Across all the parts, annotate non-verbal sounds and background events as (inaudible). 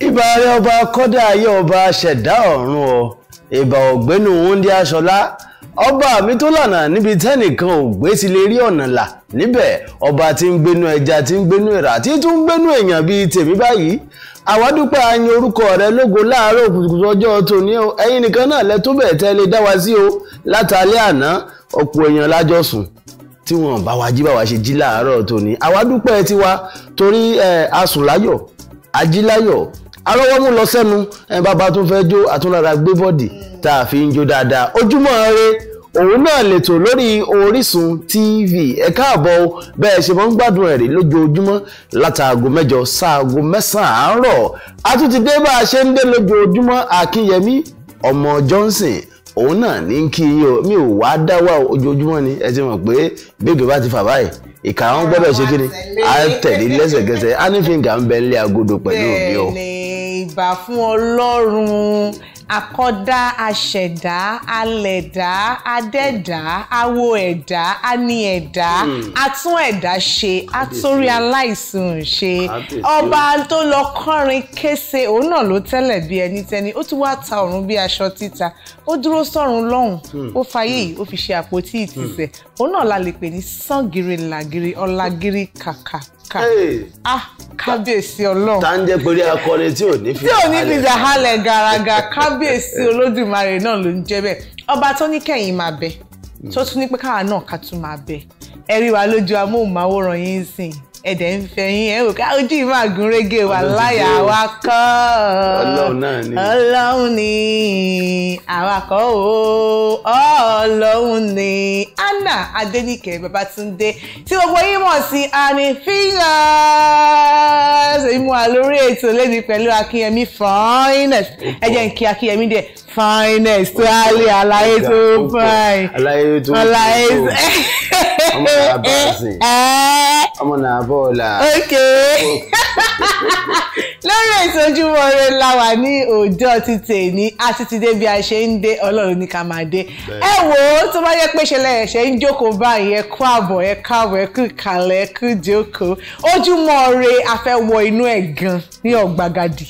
ìbà rẹ ọba kọ́dà ayé ọba ṣẹ̀dá ọ̀run ọ ìbà ọ̀gbẹ́nu wúndí aṣọlá ọba mi tó lànà níbi tẹ́nìkan ò gbé ti lè rí ọ̀nà là níbẹ̀ ọba tí ń gbénu ẹja tí ń gbénu ìrà tí tún ń gbénu èèyàn bíi tèmi báyìí àwádúpẹ́ ayin orúkọ rẹ lógo láàárọ̀ kùtùkùtù ọjọ́ tòní o ẹ̀yin nìkan náà lẹ tó bẹ̀ tẹ́ lè dá wa sí o látàlẹ́ àná ọ̀pọ̀ èèyàn lájọ tí wọn bá wa jí bá wa ṣe jí láàárọ̀ tòní àwádúpẹ́ tiwa torí asùn láyọ̀ ajíláyọ̀ arọ́wọ́mú lọ sẹ́nu ẹ̀ bàbá tó fẹ́ jó àtúnlára gbé bọ́dì tá a fi ń jó dáadáa ojúmọ́ ire òun náà lètò lórí Orísun TV ẹ káàbọ̀ bẹ́ẹ̀ ṣe máa ń gbádùn ẹ̀rí lójoojúmọ́ látàgò mẹ́jọ sáàgò mẹ́sàn-án àárọ̀ a tún ti dé bá a ṣe ń dé lójoojúmọ́ Akínyẹmí ọmọ Johnson òun náà ní kí yín mi ò wá dá wà ojoojúmọ́ ni ẹ ti mọ̀ pé bébè bá ti fà báyìí ìka àwọn gbọ́dọ̀ ṣe kí ni à tẹ̀lé lẹ́sẹ̀kẹsẹ̀ á ní fíńgà ń bẹ agodo pẹ̀lú mi o ìgbà fún ọlọ́run àkọ́dá aṣẹ̀dá alẹ̀dá adẹ́dá awo ẹ̀dá ani ẹ̀dá hmm. atún ẹ̀dá ṣe atórí aláìsùn ṣe ọba tó lọ kọrin kése òun náà ló tẹ́lẹ̀ bí ẹni tẹ́ni ó tún wá ta ọ̀run bí aṣọ títa ó dúró sọ̀run lọ́hùn hmm. ó fayé yìí ó fi ṣe àpótí hmm. ìtìsẹ̀ òun náà la lè pè ní sàngìrì làgìrì kàkàkà ah kábíyèsí ọlọ́run. tá à ń jẹ́ pé akọrin tí ò ní fi tí ò ní fi jà halẹ̀ kábíyèsí olódùmarè náà ló ń jẹ́ bẹ́ẹ̀ ọba tó ní kẹ́yìn máa bẹ tó tún ní pé káwa náà ká tún máa bẹ ẹ rí wa lójú amóhùnmáwòrán ẹ̀dẹ̀ ń fẹ́ yín ẹ̀ wò ká ah, ojú yìí máa gún régé wà láyà wa kọ́ ọlọ́run náà ni ọlọ́run ni àwa kọ́ o ọlọ́run ni Anna Adéníkẹ́ Babátúndé tí gbogbo yín mọ̀ sí Annie Fingers èyí mú wa lórí ètò lẹ́ni pẹ̀lú Akínyẹmí Finest ẹ jẹ́ n kí Akínyẹmí díẹ̀ finest oh, tó á lé àlàyé tó fine àlàyé tó àlàyé ọmọ náà bọ́ọ̀sì (laughs) eh, eh, eh. ọmọ náà bọ́ọ̀là. ok (laughs) lórí ètò Ojúmọ́ Ire ní ọjọ́ ti tèmi a ti ti dé bí a ṣe ń dé ọlọ́run ní ká máa dé ẹ wò ó tó bá yẹ pé ṣẹlẹ̀ ẹ̀ṣẹ̀ ń jókòó báyìí ẹ kú àbọ̀ ẹ káàbọ̀ ẹ kú ìkàlẹ̀ ẹ kú ìjókòó Ojúmọ́ Ire a fẹ́ wọ inú ẹ̀ gan ní ọ̀gbagadì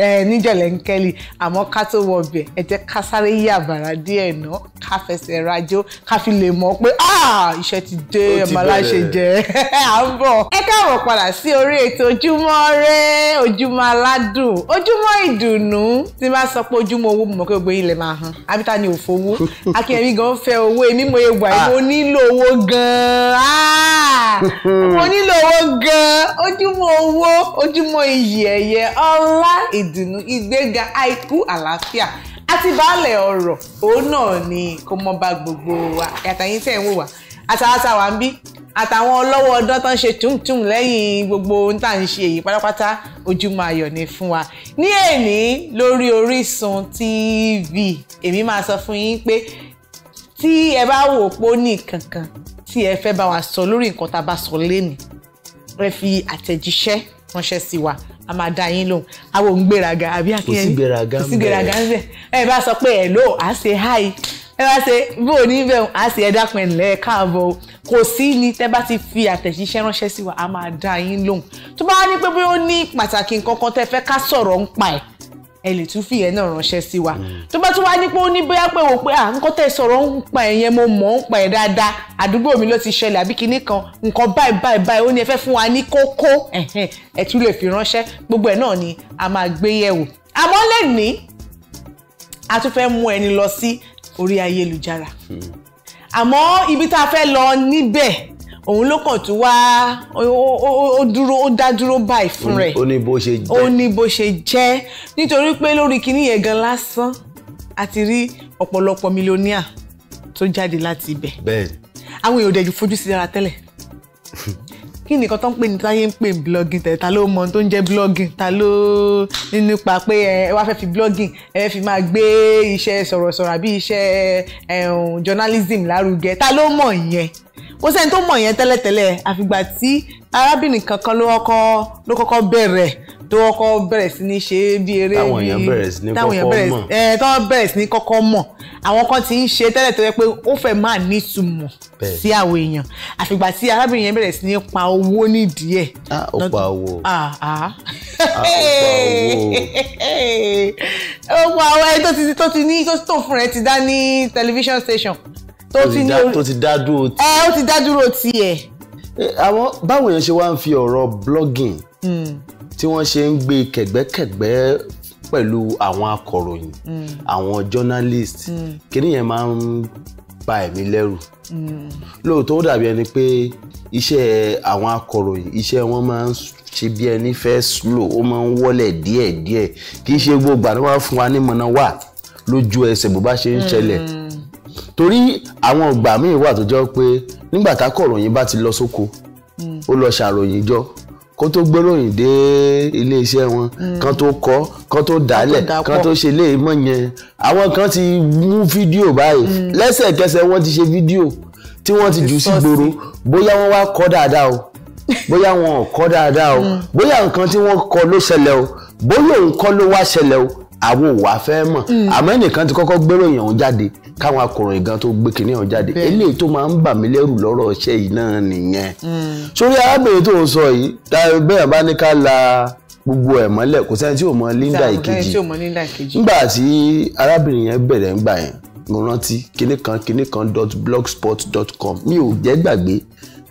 níjọ̀lẹ́ńkẹ́lì àmọ́ ká tó wọ ọbẹ̀ ẹ jẹ́ ká sáré yí àbàrà díẹ̀ ná ká fẹsẹ̀ rajó ká fi lè mọ̀ pé ah, iṣẹ́ ti dé ọmọláṣẹ jẹ́ (laughs) à ń bọ̀. ẹ káàbọ̀ padà sí orí ètò ojúmọ́ rẹ ojúmọ́ aládùn ojúmọ́ ìdùnnú tí máa sọ pé ojúmọ́ owó mọ̀ pé gbogbo ilẹ̀ máa hàn abita ni òfò owó (laughs) akínyẹmí gan fẹ́ owó èmi mo ewu àyè mo nílò owó gan-an ah! (laughs) mo nílò owó gan-an ojúmọ́ owó ojúmọ́ iyì ẹ̀yẹ ọlá ìd ìdùnnú ìgbéga àìkú àlàáfíà àti baálẹ̀ ọ̀rọ̀ òun náà ni kó mọ́ bá gbogbo wa àtàyìn tẹ̀ ń wò wá àtàwátà wà ń bí àtàwọn ọlọ́wọ́ ọdún tó ń ṣe túmtùm lẹ́yìn gbogbo ohun tá à ń ṣe èyí pátápátá ojúmọ́ ayọ̀ ni fún wa ní èní lórí Orísun TV èmi máa sọ fún yín pé tí ẹ bá wò pó ní kankan tí ẹ fẹ́ bá wa sọ lórí nǹkan tá a bá sọ lénìí ẹ fi àtẹ̀jíṣẹ́ ránṣẹ́ sí wa a máa dá yín lóhùn àwọn òun gbéraga àbí akínyẹn kò sí gbéraga ń bẹ kò sí gbéraga ń bẹ ẹ bá sọ pé hello à á ṣe hi ẹ bá ṣe bó o ní bẹ̀ à á ṣe ẹ̀dá pẹ̀lẹ́ káàbọ̀ o kò sí ni tẹ́ bá ti fi àtẹ̀jíṣẹ́ ránṣẹ́ sí wa a máa dá yín lóhùn tó bá wá ní pé bóyá ó ní pàtàkì nǹkan kan fẹ́ ká sọ̀rọ̀ ń pa ẹ̀ ẹ lè tún fìyẹn náà ránṣẹ́ sí wa mm. tó bá tún wá ní pé ó ní bóyá pé wò pé à nǹkan tẹ̀ sọ̀rọ̀ ń pa ẹ̀yẹn mo mọ̀ ń pa ẹ̀ dáadáa àdúgbò mi ló ti ṣẹlẹ̀ àbí kinní kan nǹkan báyìí báyìí báyìí ó ní ẹ fẹ́ fún wa ní kókó ẹ tún lè fi ránṣẹ́ gbogbo ẹ̀ náà ni a máa gbé yẹ̀wò àmọ́ lè ní a tún fẹ́ mú ẹni lọ sí orí ayélujára hmm. àmọ́ ibi tá a fẹ́ lọ níbẹ̀ òun ló kàn tún wá ó dúró ó dá dúró báyìí fún rẹ̀ ó ní bó ṣe jẹ́ ó ní bó ṣe jẹ́ nítorí pé lórí kinní yẹn gan lásán a ti rí ọ̀pọ̀lọpọ̀ mílíọ̀nìà tó jáde láti ibẹ̀ bẹ́ẹ̀ àwọn èèyàn ò dẹ̀ fojú sí dára tẹ́lẹ̀ (laughs) kí nìkan tó ń pè ní táyé ń pè blogging tẹ̀ ta ló mọ tó ń jẹ́ blogging ta ló nípa pé ẹ wá fẹ́ fi blogging ẹ fi máa gbé iṣẹ́ sọ̀rọ̀sọ̀rọ̀ àbí iṣẹ́ journalism lárugẹ ta ló mọ̀ yẹn kò sẹ́ni tó mọ̀ yẹn tẹ́lẹ̀tẹ́lẹ̀ àfìgbà tí arábìnrin kankan ló kọ́kọ́ ló kọ́kọ́ bẹ̀rẹ̀ tó kọ́kọ́ bẹ̀rẹ̀ sí ní ṣe bí eré táwọn èèyàn bẹ̀rẹ̀ sí ní kọ́kọ́ mọ̀ àwọn kan ti ń ṣe tẹ́lẹ̀ tó yẹ pé ó fẹ́ máa nítumọ̀ sí àwọn èèyàn àfìgbà tí arábìnrin yẹn bẹ̀rẹ̀ sí ní pa owó nídìí ẹ̀. ó pa owó ó pa owó ẹni tó ti tó ti ní tó tó fún rẹ ti dá ní tẹlifíṣàn station tó ti ní orí tó ti dá dúró tiẹ̀. ẹ ó ti dá dúró tiẹ̀. àwọn báwo yẹn ṣe wá ń fi ọ̀rọ̀ blogging hmm. tí wọ́n ṣe ń gbé kẹ̀gbẹ́kẹ̀gbẹ́ pẹ̀lú àwọn akọ̀ròyìn àwọn journalist mm. mm. kíní yẹn máa ń bà ẹ̀mí lẹ́rù mm. lóòótọ́ ó dàbí ẹni pé iṣẹ́ àwọn akọ̀ròyìn iṣẹ́ wọn máa ń ṣe bí ẹni fẹ́ slow ó máa ń wọ́lẹ̀ díẹ̀díẹ̀ kì í ṣe gbogbo àná wọn fún wa ní mọ̀nà wà lójú ẹsẹ̀ bó bá ṣe ń ṣẹlẹ̀ torí àwọn ìgbà míì wà tó jọ pé nígbà tá kọ̀ròyìn bá ti lọ sóko ó lọ ṣàròyìn jọ kó tó gbéròyìn dé iléeṣẹ́ wọn mm. kán tó kọ kán tó dálẹ̀ kán tó ṣe lè mọ̀ yẹn àwọn kan ti mú fídíò báyìí mm. lẹ́sẹ̀kẹsẹ̀ wọ́n ti ṣe fídíò tí wọ́n ti jù sí gbòòrò bóyá wọ́n wá kọ dáadáa o bóyá wọn ò kọ dáadáa o mm. bóyá nǹkan tí wọ́n kọ ló ṣẹlẹ̀ o bóyá òun kọ́ ló wá ṣẹlẹ̀ o Awo wà fẹ́ mọ̀ mm. àmọ́ ẹnìkan ti kọ́kọ́ gbérò èèyàn ọ̀hún jáde káwọn akọ̀ròyìn gan tó gbé kinní ọ̀hún jáde eléyìí tó máa ń bà mí lẹ́rù lọ́rọ̀ iṣẹ́ yìí náà nìyẹn. Mm. sórí arábìnrin tó ń sọ yìí bẹ́ẹ̀ bá ní ká la gbogbo ẹ̀ mọ́lẹ̀ kò sẹ́ni tí ò mọ Linda Ìkejì nígbà tí arábìnrin yẹn bẹ̀rẹ̀ ńgbà yẹn mo rántí kinní kan kinní kan dot blogspot dot com mi ò jẹ́ gbàgbé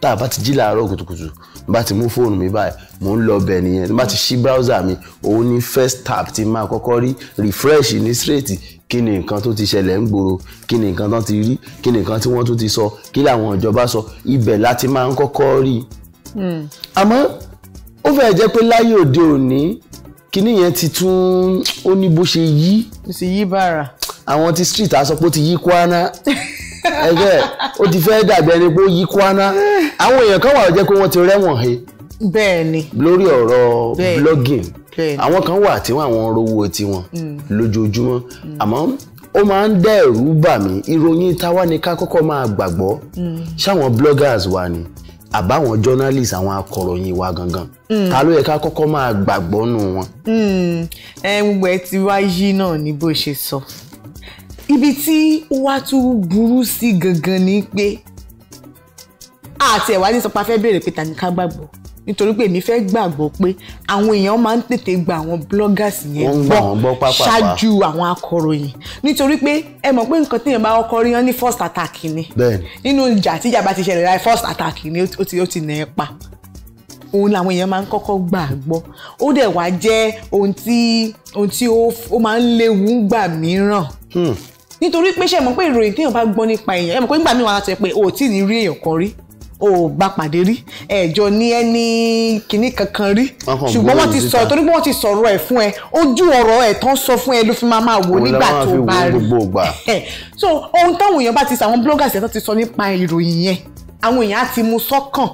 tá a bá ti jí láàárọ̀ kùtùkùtù bá ti mú fóònù mi báyìí mò ń lọ bẹ̀ nìyẹn tí bá ti ṣí browser mi òun ni first tap ti máa kọ́kọ́ rí refresh ní straight kí ni nǹkan tó ti ṣẹlẹ̀ ń gbòòrò kí ni nǹkan tó ti rí kí ni nǹkan tí wọ́n tún ti sọ kí làwọn ìjọba sọ ibẹ̀ láti máa ń kọ́kọ́ rí i. Hmm. àmọ́ ó fẹ́ẹ̀ jẹ́ pé láyé òde òní kíní yẹn ti tún ó ní bó ṣe yí. ó ti yí bàrà. àwọn ti street aṣọ pé ó ti yí kwana ẹgbẹ́ ó ti fẹ́ dàbí ẹni pé ó yí kwana àwọn èèyàn kan wà ó jẹ́ pé wọ́n ti rẹ́wọ̀n he. bẹ́ẹ̀ni. lórí ọ̀rọ̀ blogging àwọn kan wà tí wọ́n rówó tiwọn mm. lójoojúmọ́ mm. àmọ́ ó máa ń dẹ́rù bà mí ìròyìn táwa ni ká kọ́kọ́ máa gbàgbọ́ mm. ṣáwọn bloggers wa ni àbáwọn journalists àwọn akọ̀ròyìn wa gangan ta ló yẹ ká kọ́kọ́ máa gbàgbọ́ nù wọn. ẹ gbogbo ẹ ti wá yí náà ni bó ṣe sọ ibi tí ó tún burú sí gangan ni pé àti ẹ̀wá ní sọpá fẹ́ bèrè pé tani ká gbàgbọ́ nítorí pé èmi fẹ́ gbàgbọ́ pé àwọn èèyàn máa ń tètè gba àwọn bloggers yẹn gbọ́ ṣáájú àwọn akọ̀ròyìn nítorí pé ẹ mọ̀ pé nǹkan téèyàn bá kọ́kọ́ rí yán ní first attack ni nínú ìjà tíjà bá ti ṣẹlẹ̀ láì first attack ni ó ti ó ti nà ẹ́ pa òun làwọn èèyàn máa ń kọ́kọ́ gbà gbọ́ ó dẹ̀ wá jẹ́ ohun tí ohun tí ó máa ń léwu gbà mìíràn hmm. nítorí pé ṣe mọ̀ pé ìròyìn téèyàn bá gbọ́ nípa èèyàn ẹ mọ̀ pé nígbà míì wà á sọ pé o ò rí èèyàn kan rí ò bá pàdé rí ẹjọ ní ẹni kìíní kankan rí ṣùgbọ́n wọ́n ti sọ torí wọ́n ti sọ̀rọ̀ ẹ̀ fún ẹ ojú ọ̀rọ̀ ẹ̀ tán sọ fún ẹ ló fi máa máa wò nígbà tó bá rí (laughs) so ohun táwọn èèyàn bá ti sọ àwọn bloggers yẹn tó ti sọ nípa ìròyìn yẹn àwọn èèyàn á ti mú sọ́kàn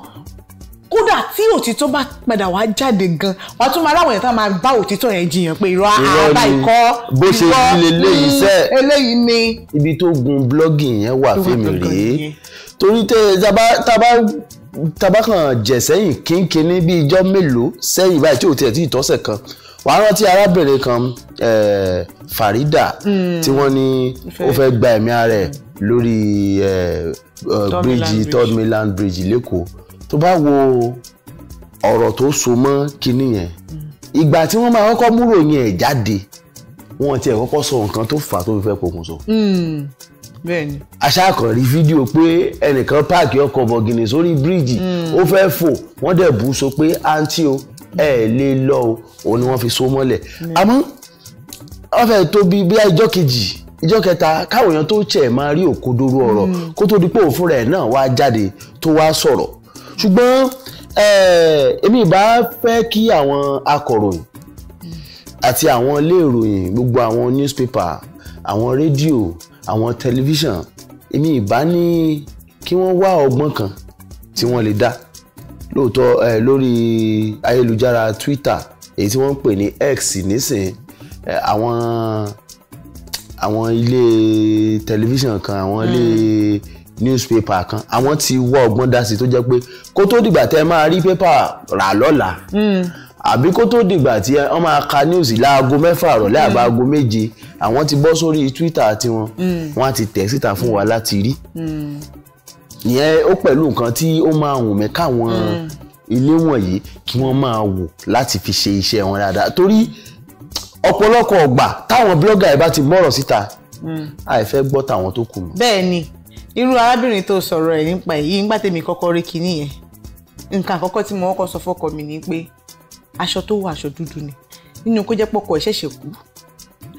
kódà tí òtítọ́ bá padà wá jáde gan wàá tún máa ráwọn èèyàn tá máa bá òtítọ́ yẹn jiyàn pé irọ́ àbá ikọ́ bó ṣe ilé eléyìí mm, sẹ́ẹ̀ eléyìí ni ibi tó gun blọ́gì yẹn wà fẹ́mi rèé torí tẹ tabakàn jẹ sẹ́yìn kínkínní bíi ijọ́ mélòó sẹ́yìn báyìí tí ò tiẹ̀ tí ì tọ́sẹ̀ kan wàá rántí arábìnrin kan Farida hmm. tí wọ́n ní ó fẹ́ gba ẹ̀mí ara ẹ̀ lórí bíríjì Third Mainland Bridge lẹ́kọ̀ọ́ tó bá wo ọ̀rọ̀ tó so mọ́ kinní yẹn hmm. ìgbà tí wọ́n máa kọ́kọ́ múròyìn ẹ̀ jáde wọ́n tiẹ̀ kọ́kọ́ sọ nǹkan tó fà á tó fi fẹ́ pokùnso hmm bẹ́ẹ̀ni. aṣáàkànrí fídíò pé ẹnìkan páàkì ọkọ̀ bọ̀gìnì sórí bíríìjì hmm. ó fẹ́ fò wọ́n dẹ̀ bú so pé àǹtí o ẹ lè lọ o òun ni wọ́n fi so mọ́lẹ̀ hmm. àmọ́ wọ́n fẹ́ tó bí bí ẹjọ́ kejì ìjọ́ kẹta káwọn èèyàn tó tiẹ̀ máa rí òkodoro ọ̀rọ̀ hmm. kó tó di pé òfin rẹ̀ náà wá jáde tó wá sọ̀rọ̀ ṣùgbọ́n èmi ìbá fẹ́ kí àwọn akọ̀ròyìn àti àwọn ilé ìròyìn gbogbo àwọn newspaper àwọn rédíò àwọn tẹlifíṣàn èmi ìbá ní kí wọ́n wá ọgbọ́n kan tí wọ́n lè dá lóòótọ́ ẹ lórí ayélujára Twitter èyí tí wọ́n ń pè ní X nísìn ẹ àwọn àwọn ilé tẹlifíṣàn kan àwọn ilé hmm. newspaper kan àwọn ti wá ọgbọ́n dá sí tó jẹ́ pé kó tó dìgbà tẹ́ máa rí pépà rà lọ́la. Mm àbí kó tó dìgbà tí wọ́n máa ka news láago mẹ́fà àrọ̀lẹ́ àbá aago mm. méje àwọn ti bọ́ sórí Twitter tiwọn mm. wọ́n á ti tẹ̀ síta fún wa láti rí mm. ìyẹn ó pẹ̀lú nǹkan tí ó máa wùn mí káwọn ilé wọ̀nyí kí wọ́n máa wò láti fi ṣe iṣẹ́ wọn dáadáa torí ọ̀pọ̀lọpọ̀ ọ̀gbà táwọn blọ́gà ẹ̀ bá ti mọ̀rọ̀ síta àìfẹ́ gbọ́ tàwọn tó kù mọ́. bẹ́ẹ̀ ni irú arábìnrin tó sọ̀rọ̀ ẹ̀ nípa èyí nígbà tèmi kọ́kọ́ rí kinní yẹn nǹkan àkọ́kọ́ tí mo kọ́kọ́ sọ fọ́kọ mi ni pé aṣọ tó wọ aṣọ dúdú ni nínú kó jẹ́ pọ̀kọ ẹ̀ ṣẹ̀ṣẹ̀ kú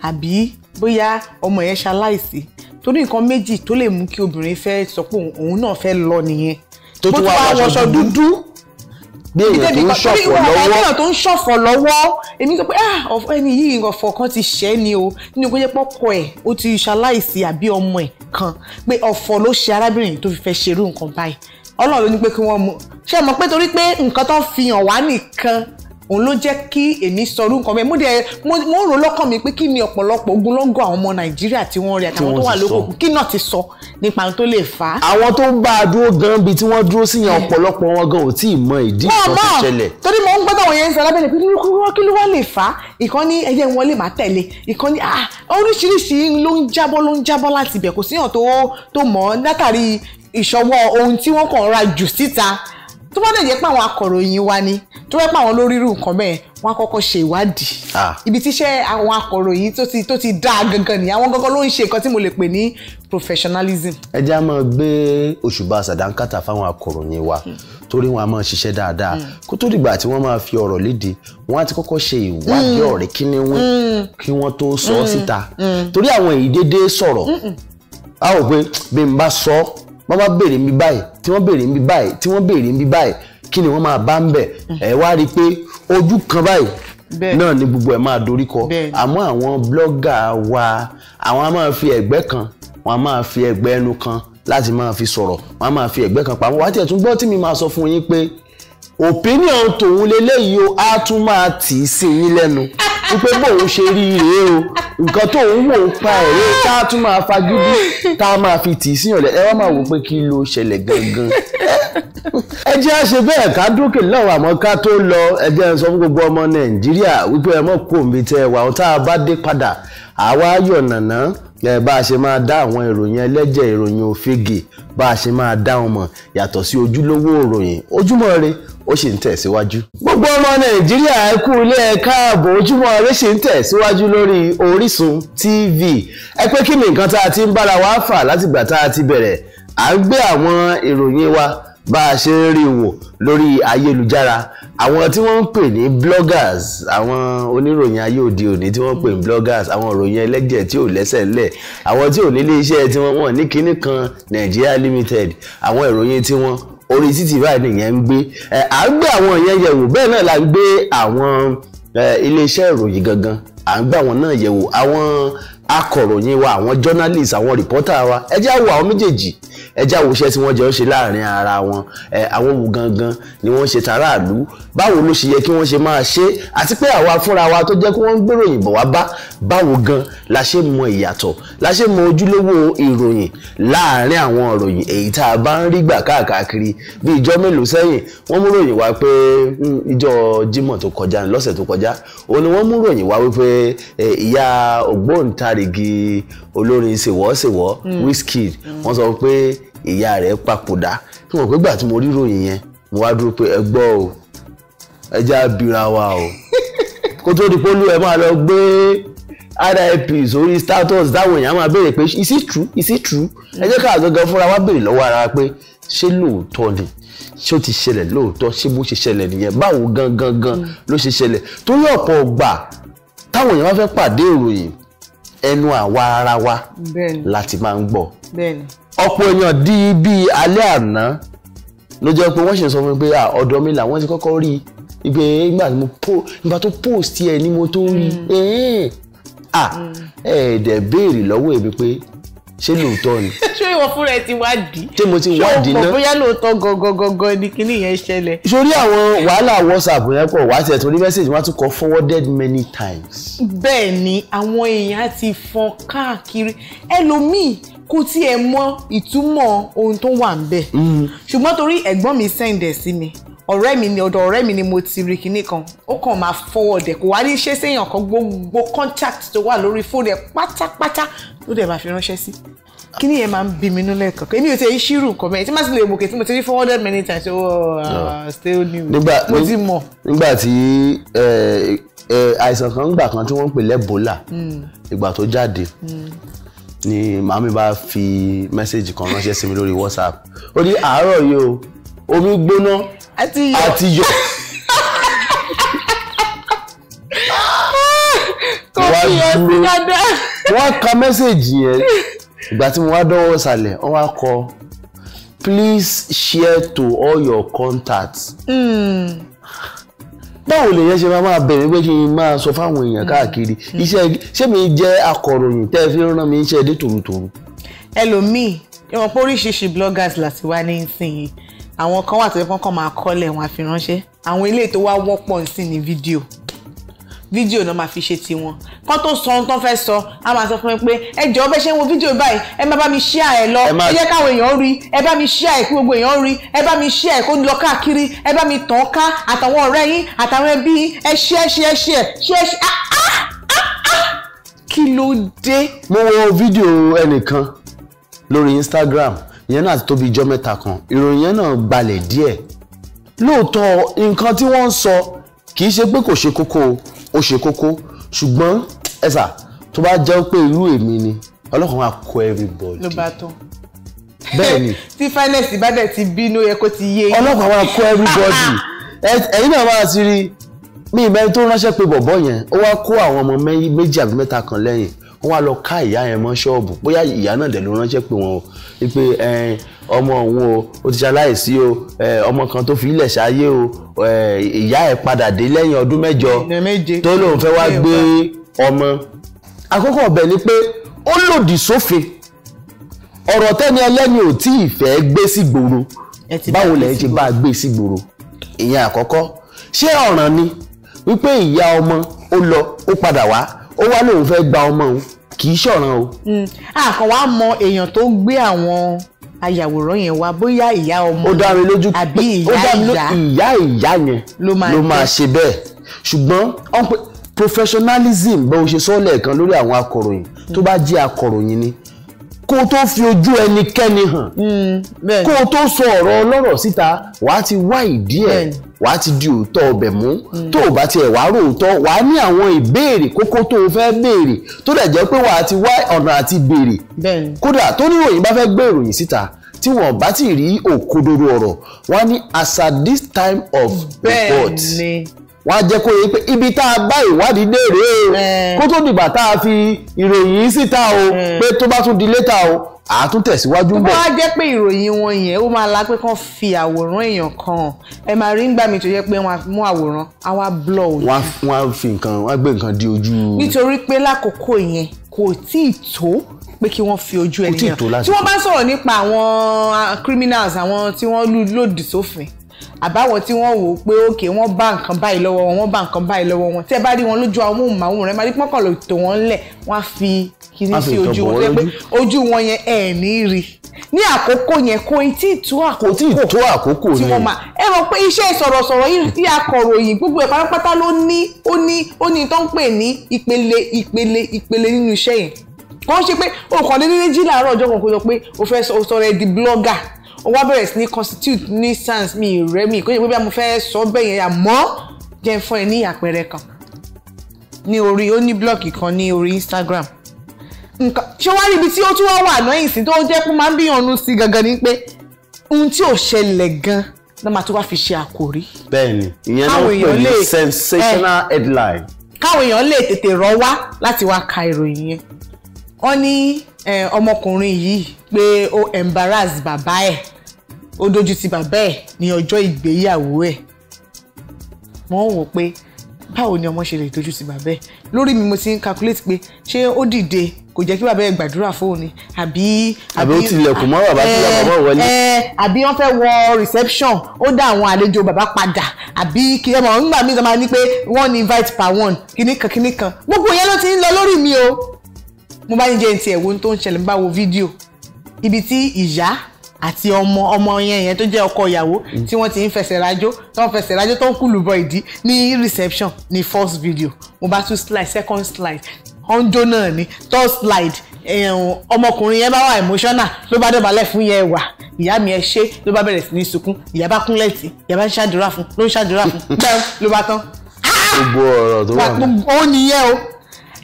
àbí bóyá ọmọ yẹn ṣaláìsí torí nǹkan méjì tó lè mú kí obìnrin fẹ́ sọ pé òun náà fẹ́ lọ nìyẹn tó tún wá wọṣọ dúdú bí èèyàn tó ń ṣọ̀fọ̀ lọ́wọ́ èmi sọ pé ah, ẹni yìí ọ̀fọ̀ kan ti ṣẹ́ ni o nínú kó jẹ́ pọ́kọ ẹ̀ ó ti ṣaláìsí àbí ọmọ ẹ̀ kan pé ọ̀fọ̀ ló ṣe arábìnrin tó fi fẹ́ ṣerú nǹkan báyìí ọlọ́run ló ní pé kí wọ́n mú ṣé mọ̀ pé torí pé nǹkan tó fi hàn wá nìkan òun ló jẹ́ kí èmi sọrú nǹkan bẹ́ẹ̀ mo dẹ̀ mo rò lọ́kàn mi pé kí ni ọ̀pọ̀lọpọ̀ ogunlọ́gọ̀ àwọn ọmọ nàìjíríà tí wọ́n rí àtàwọn tó wà lókòkù kí náà ti sọ nípa ohun tó lè fà á. àwọn tó ń bá a dúró gan bí tí wọ́n dúró sí yẹn eh. ọ̀pọ̀lọpọ̀ wọn gan ò tí ì mọ ìdí ìtọ́ ti ṣẹlẹ̀. torí mo ń gbọ́dọ̀ wọ̀nyẹ ń sara bẹ́ẹ̀ pé kí ló wá lè fà á ìkan ní ẹyẹ wọn lè má tẹ̀lé ìkan ah, ní oríṣiríṣi ló ń jábọ́ ló ń jábọ́ láti ibẹ̀ kò síyàn tó mọ̀ tó bá dẹ̀ jẹ́ pé àwọn akọ̀ròyìn wa ni tó bá pé àwọn lórí irú nǹkan bẹ́ẹ̀ wọ́n á kọ́kọ́ ṣe ìwádìí ibi tíṣẹ́ àwọn akọ̀ròyìn tó ti tó ti dáa gangan nìyẹn àwọn gangan ló ń ṣe nǹkan tí mo lè pè ní professionalism. ẹ jẹ́ a máa gbé òṣùbà sàdánkátà fáwọn akọ̀ròyìn wa torí wọn a máa ṣiṣẹ́ dáadáa mm. kó tó dìgbà tí wọ́n máa fi ọ̀rọ̀ léde wọ́n á ti kọ́kọ́ ṣe ìwádìí mm. ọ̀rẹ́ mm. kí a ò pé bí n bá sọ wọ́n bá béèrè mi báyìí tí wọ́n béèrè mi báyìí tí wọ́n béèrè mi báyìí kí ni wọ́n máa bá ń bẹ̀ hmm. ẹ̀ wá rí i pé ojú kan báyìí náà ni gbogbo ẹ̀ máa dorí kọ àmọ́ àwọn blọ́gà wa àwọn a máa fi ẹ̀gbẹ́ kan wọ́n a máa fi ẹ̀gbẹ́ ẹnu kan láti máa fi sọ̀rọ̀ wọ́n a máa fi ẹ̀gbẹ́ kan pamọ́ wá tiẹ̀ tún gbọ́ tí mi máa sọ fún yín pé opinion tòun leléyìí o á tún máa tì í sí yín lẹ́nu. (laughs) wípé bóun ṣe rí rèé o nǹkan tó ń wò ó pa ẹ̀rẹ́ tá a tún máa fagídí tá a máa fi tì í síyàn lẹ ẹ wá máa wò pé kí ló ṣẹlẹ̀ gangan. ẹ jẹ́ à ṣe bẹ́ẹ̀ ká dókè lọ́wọ́ àmọ́ ká tó lọ ẹ jẹ́ sọ fún gbogbo ọmọ nàìjíríà wípé ẹ mọ̀ kó mi tẹ́ ẹ wà ó tá a bá dé padà àwa yọ̀nàná ẹ bá a ṣe máa dá àwọn ìròyìn ẹlẹ́jẹ̀ ìròyìn òfegè bá a ṣe máa dá wọn mọ̀ yàtọ̀ sí ojúlówó ìròyìn ojúmọ́ ire ó sì ń tẹ̀síwájú. gbogbo ọmọ nàìjíríà ẹ kú ilé ẹ káàbọ̀ ojúmọ́ ire sì ń tẹ̀síwájú lórí Orísun TV ẹ pé kí ni nǹkan tá a ti ń bára wa fà látìgbà tá a ti bẹ̀rẹ̀ à ń gbé àwọn ìròyìn wa bá a ṣe ń rí wò lórí ayélujára àwọn tí wọ́n ń pè ní bloggers àwọn oníròyìn ayé òde òní tí wọ́n ń pè ní bloggers àwọn òròyìn ẹlẹ́jẹ̀ tí ò lẹ́sẹ̀ ńlẹ̀ àwọn tí ò nílé iṣẹ́ tí wọ́n wọ̀n ní kinní kan Nigeria Limited àwọn ìròyìn tí wọ́n orí títì báyìí nìyẹn ń gbé à ń gbé àwọn yẹn yẹ̀wò bẹ́ẹ̀ náà la ń gbé àwọn iléeṣẹ́ ìròyìn gangan à ń gbé àwọn náà yẹ̀wò àwọn akọ̀ròyìn wa àwọn journalist àwọn reporter wa ẹ jẹ́ àwọ̀ àwọn méjèèjì ẹ jẹ́ àwọ̀ iṣẹ́ tí wọ́n jọ ń ṣe láàrin ara wọn ẹ àwọn wo gangan ni wọ́n ń ṣe tàráàlú báwo ló ṣe yẹ kí wọ́n ṣe máa ṣe àti pé àwa fúnra wa tó jẹ́ kí wọ́n ń gbèròyìn bọ̀ wá bá báwo gan la ṣe mọ ìyàtọ̀ la ṣe mọ ojúlówó ìròyìn láàrin àwọn ìròyìn èyí tá a bá ń rí gbà káàkiri bí ìjọ mélòó sẹ́yìn wọ́n mú ròyìn wá pé ìjọ hmm, Jímọ̀ tó kọjá lọ́sẹ̀ tó kọjá òun ni wọ́n mú ròyìn wá wípé ìyá ògbóǹtarì àrìgì olórin ṣèwọ́ṣèwọ́ mm. Wizkid mm. wọ́n sọ pé ìyá rẹ̀ papòdà tí wọ́n pé gbà tí mo rí ròyìn yẹn mo wá dúró pé ẹ o ẹ já wa o (laughs) kó tó di pólú ẹ máa lọ gbé rip sórí status táwọn èèyàn máa béèrè pé is it true is it true ẹ jẹ́ ká fúnra wa béèrè lọ́wọ́ ara pé ṣé lóòótọ́ ni ṣé ó ti ṣẹlẹ̀ lóòótọ́ ṣé bó ṣe ṣẹlẹ̀ nìyẹn báwo gangan gan mm. ló ṣe ṣẹlẹ̀ torí ọ̀pọ̀ ọgbà táwọn èèyàn bá fẹ́ pàdé ìròyìn ẹnu àwa ara wa láti máa ń gbọ́ ọ̀pọ̀ èèyàn di bí alẹ́ àná ló jẹ́ pé wọ́n ṣe sọ fún mi pé ọ̀dọ̀ mi làwọn ti kọ́kọ́ rí i pé nígbà tó post ẹ ni mo tó rí i mm. ẹ mm. ẹ dẹ̀ béèrè lọ́wọ́ èmi pé ṣé lóòótọ́ ni. (laughs) ṣé ìwọ fúnra ẹ ti wádìí. ṣé mo ti wádìí náà. ṣé o mọ̀ bóyá lóòótọ́ gangan ni kíní yẹn ṣẹlẹ̀. sórí àwọn wàhálà whatsapp yẹn pọ̀ wá tiẹ̀ torí message wọn á tún kọ forwarded many times. bẹ́ẹ̀ ni àwọn èèyàn ti fọn káàkiri ẹlòmíì kò tiẹ̀ mọ ìtumọ̀ ohun tó wà ń bẹ̀ mm. ṣùgbọ́n torí ẹ̀gbọ́n mi send sí mi ọ̀rẹ́ mi ni ọ̀dọ̀ ọ̀rẹ́ mi ni mo ti rí kinní kan ó kàn máa forward kò wá ní ṣe séèyàn kan gbogbo contact tó wà lórí fóònù ẹ̀ pátápátá ló dẹ̀ máa fi ránṣẹ́ sí kíní yẹn máa ń bí mi nílẹ̀ kankan èmi ò tẹ ìṣirù nǹkan mẹ́rin tí má sì lè mọ̀ kí tí mo ti rí forwarded many times ó uh, still new mo ti mọ̀. nígbà tí àìsàn kan gbà kan tí wọ́n ń pè lẹ́bólà hmm. ìgbà tó jáde hmm. ni màmí bá fi mẹ́sẹ̀gì kan ránṣẹ́ sí mi lórí WhatsApp ó ní àárọ̀ yìí o omi gbóná àti yọ àti yọ. kò fi yọ sí dáadáa. wọ́n ka mẹ́sẹ̀gì yẹn ìgbà tí mo wá dánwò sàlẹ̀ wọ́n wá kọ please share to all your contacts. Mm báwo lè yẹn ṣe máa máa bẹ̀rẹ̀ pé kí n máa sọ fáwọn èèyàn hmm. káàkiri hmm. iṣẹ́ ṣé mi jẹ́ akọ̀ròyìn tẹ́ ẹ fi rán mi iṣẹ́ dé tòrutòru. ẹlòmíì ìwọ̀n pé oríṣiríṣi bloggers láti wá ní ìsinyìí àwọn kan wà tó yẹ kán máa kọ́lẹ̀ wọn àfi ránṣẹ́ àwọn eléyìí tó wá wọ́pọ̀ sí ní fídíò fídíò náà máa fi ṣe tiwọn kán tó sọ ohun tán fẹ́ sọ á máa sọ fún mi pé ẹ jọ̀ọ́ bẹ́ ṣe ń wo fídíò báyìí ẹ má bá mi ṣíà ẹ lọ ẹ jẹ́ káwọn èèyàn rí ẹ bá mi ṣíà ẹ kí gbogbo èèyàn rí ẹ bá mi ṣíà ẹ kó lọ káàkiri ẹ bá mi tàn ká àtàwọn ọ̀rẹ́ yín àtàwọn ẹbí yín ẹ ṣíà ṣíà ṣíà ṣíà ṣíà kí ló dé. mo wo fídíò ẹnìkan lórí Instagram ìyẹn náà ti tó bí ijọ́ mẹ́ta kan ìròyìn yẹn náà gbalẹ̀ díẹ̀ lóòótọ́ nǹkan tí wọ́n ń sọ kì í ṣe pé kò ṣe kókó ó ṣe kókó ṣùgbọ́n ẹ̀sà tó bá jẹ́ pé irú èmi ni ọlọ́kan wa kọ everybody. ló bá tán bẹ́ẹ̀ ni (laughs) tí finance bá dẹ̀ ti bínú yẹ kó ti yé yín. ọlọ́kan wa kọ everybody (laughs) ẹ̀yin náà máa ti rí mi ìbẹ́ni tó ránṣẹ́ pé bọ̀bọ́ yẹn ó wá kó àwọn ọmọ méjì àbí mẹ́ta kan lẹ́yìn wọ́n wá lọ ká ìyá yẹn mọ́ ṣọ́ọ̀bù bóyá ìyá náà dẹ̀ ló ránṣẹ́ pé wọ́n o wípé ọmọ òun o ó ti ṣaláìsí o ọmọ kan tó fi ilẹ̀ ṣáyé o ìyá ẹ̀ padà dé lẹ́yìn ọdún mẹ́jọ tó lóun fẹ́ wá gbé ọmọ àkókò ọ̀bẹ ni pé ó lòdì sófin ọ̀rọ̀ tẹ́ni ẹlẹ́ni ò tí ì fẹ́ gbé sí gbòòrò báwo lẹ́yìn ṣe bá gbé sí gbòòrò ìyẹn àkọ́kọ́ ṣé ọ̀ràn ni wípé ìyá ọmọ ó lọ ó padà wá ó wá lóun fẹ́ gba ọmọ òun kì í ṣọ̀ràn o. àkàn hmm. wa mọ èèyàn tó gbé àwọn ayàwòrán yẹn wá bóyá ìyá ọmọ àbí ìyá ìyá ìyá ìyá yẹn ló máa ṣe bẹ́ẹ̀ ṣùgbọ́n professionalism bó ṣe sọ lẹ́ẹ̀kan lórí àwọn akọ̀ròyìn tó bá jẹ́ akọ̀ròyìn ni kó tó fi ojú ẹnikẹ́ni hàn hmm, kó tó sọ ọ̀rọ̀ ọlọ́rọ̀ síta wàá ti wá ìdí ẹ̀ wàá ti di òótọ́ ọbẹ̀ mú hmm. tó o bá tiẹ̀ wàá rò òótọ́ wàá ní àwọn ìbéèrè kókó tó o fẹ́ béèrè tó dẹ̀ jẹ́ pé wàá ti wá ọ̀nà àti béèrè kódà tó ní ìròyìn fẹ́ gbé ìròyìn síta tí wọn bá ti rí òkodoro ọ̀rọ̀ wọn ní as at this time of report. bẹ́ẹ̀ wàá jẹ́ kó yẹ pé ibi tá a bá ìwádìí dé rèé eh. kó tó dìgbà tá a fi ìròyìn yìí síta o hmm. pé tó bá tún di létà o àtún tẹ̀síwájú ń bọ̀. wọ́n á jẹ́ pé ìròyìn wọn yẹn ó máa la pé kán fi àwòrán èèyàn kan ẹ máa rí ńgbà mi tó jẹ́ pé wọ́n á mú àwòrán á wá blọ̀ ojú. wọ́n á fi nǹkan wọ́n á gbé nǹkan di ojú. nítorí pé lákòókò yẹn kò tí ì tó pé kí wọ́n fi ojú ẹni hàn tí wọ́n bá sọ̀rọ̀ nípa àwọn ah, criminals àwọn tí wọ́n lòdì sófin àbáwọn tí wọ́n wò ó pé òkè wọ́n bá nǹkan báyìí lọ́wọ́ wọn wọ́n bá nǹkan báyìí lọ́wọ́ wọn tẹ́ bá rí wọn lójú amóhùnmáwòrán ẹ máa rí pọ́nkànlọ́ tó wọn lẹ̀ wọ́n á fi kìíní sí ojú wọn tẹ́ pé ojú wọn yẹn ẹ̀ ní rí ní àkókò yẹn kò tí ì tó àkókò tí ì tó àkókò ni ẹ mọ̀ pé iṣẹ́ sọ̀rọ̀sọ̀rọ̀ yìí akọ̀ròyìn gbogbo ẹ̀ pátápátá ló ní ó ní ó ní tó ń pè ní ìpele ìpele ìpele nínú iṣẹ́ yẹn kò ń ṣe pé òkànléléjì làárọ̀ ọjọ́ kan kó sọ pé o fẹ́ sọ̀rọ̀ ẹ̀ di blogger ó wá sí ní constitute nuisance mi rẹ́ mi kò yẹ pé bí a mo fẹ́ sọ bẹ́ẹ̀ yẹn àmọ́ jẹ́ fún ẹ ní àpẹẹrẹ kan ní orí ó ní blọọkì kan ní orí Instagram nǹkan ṣé wàá rí ibi tí ó tún wá wà náà ìsìn tó jẹ́ pé máa ń bíyànjú sí gangan ni pé ohun tí ò ṣẹlẹ̀ gan-an náà máa tún wá fi ṣe àkòrí. bẹ́ẹ̀ni ìyẹn náà pè ní sensational headline. káwọn èèyàn lè tètè rọ wá láti wá ka ìròyìn yẹn wọ́n ní ọmọkùnrin yìí pé ó embarrass bàbá ẹ̀ ó dojú ti bàbá ẹ̀ ní ọjọ́ ìgbéyàwó ẹ̀ mo ń wò pé báwo ni ọmọ ṣe lè dojú ti bàbá ẹ̀ lórí mi mo ti ń calculate pé ṣé ó dìde kò jẹ́ kí bàbá ẹ̀ gbàdúrà fóun ni àbí. àbí ó tilẹ̀kùn mọ́ bàbá tí bàbá eh, wọlé. Eh, àbí wọ́n fẹ́ wọ reception ó dá àwọn àlejò bàbá padà àbí kí ẹ mọ̀ nígbà míì sọ́mà ní pé one invite per one kìnnìkan kìnnìkan gbogbo yẹn ló ti ń lọ lórí mi o. mo bá ní jẹ́ ti ẹ̀wọ̀n tó ń ṣẹlẹ̀ ń bá wo fídíò ibi tí ìyá àti ọmọ ọmọ yẹn yẹn tó jẹ́ ọkọ ìyàwó tí wọ́n ti ń fẹsẹ̀ rájó tí wọ́n fẹsẹ̀ rájó tó ń kú lùbọ̀ ìdí ní reception ní first video mo bá tún slide second slide ọ̀njọ́ náà ni third slide ọmọkùnrin yẹn bá wà emotional ló bá dọ̀bálẹ̀ fún yẹn wà ìyá mi ẹ ṣe ló bá bẹ̀rẹ̀ sí ní sunkún ìyá bá kúnlẹ̀ tì ìyá bá ń ṣàdúrà fún ló ń ṣàdúrà fún bẹ́ẹ̀ ló bá tán. gbogbo ọ̀rọ̀ tó wà ní. ó nìyẹn o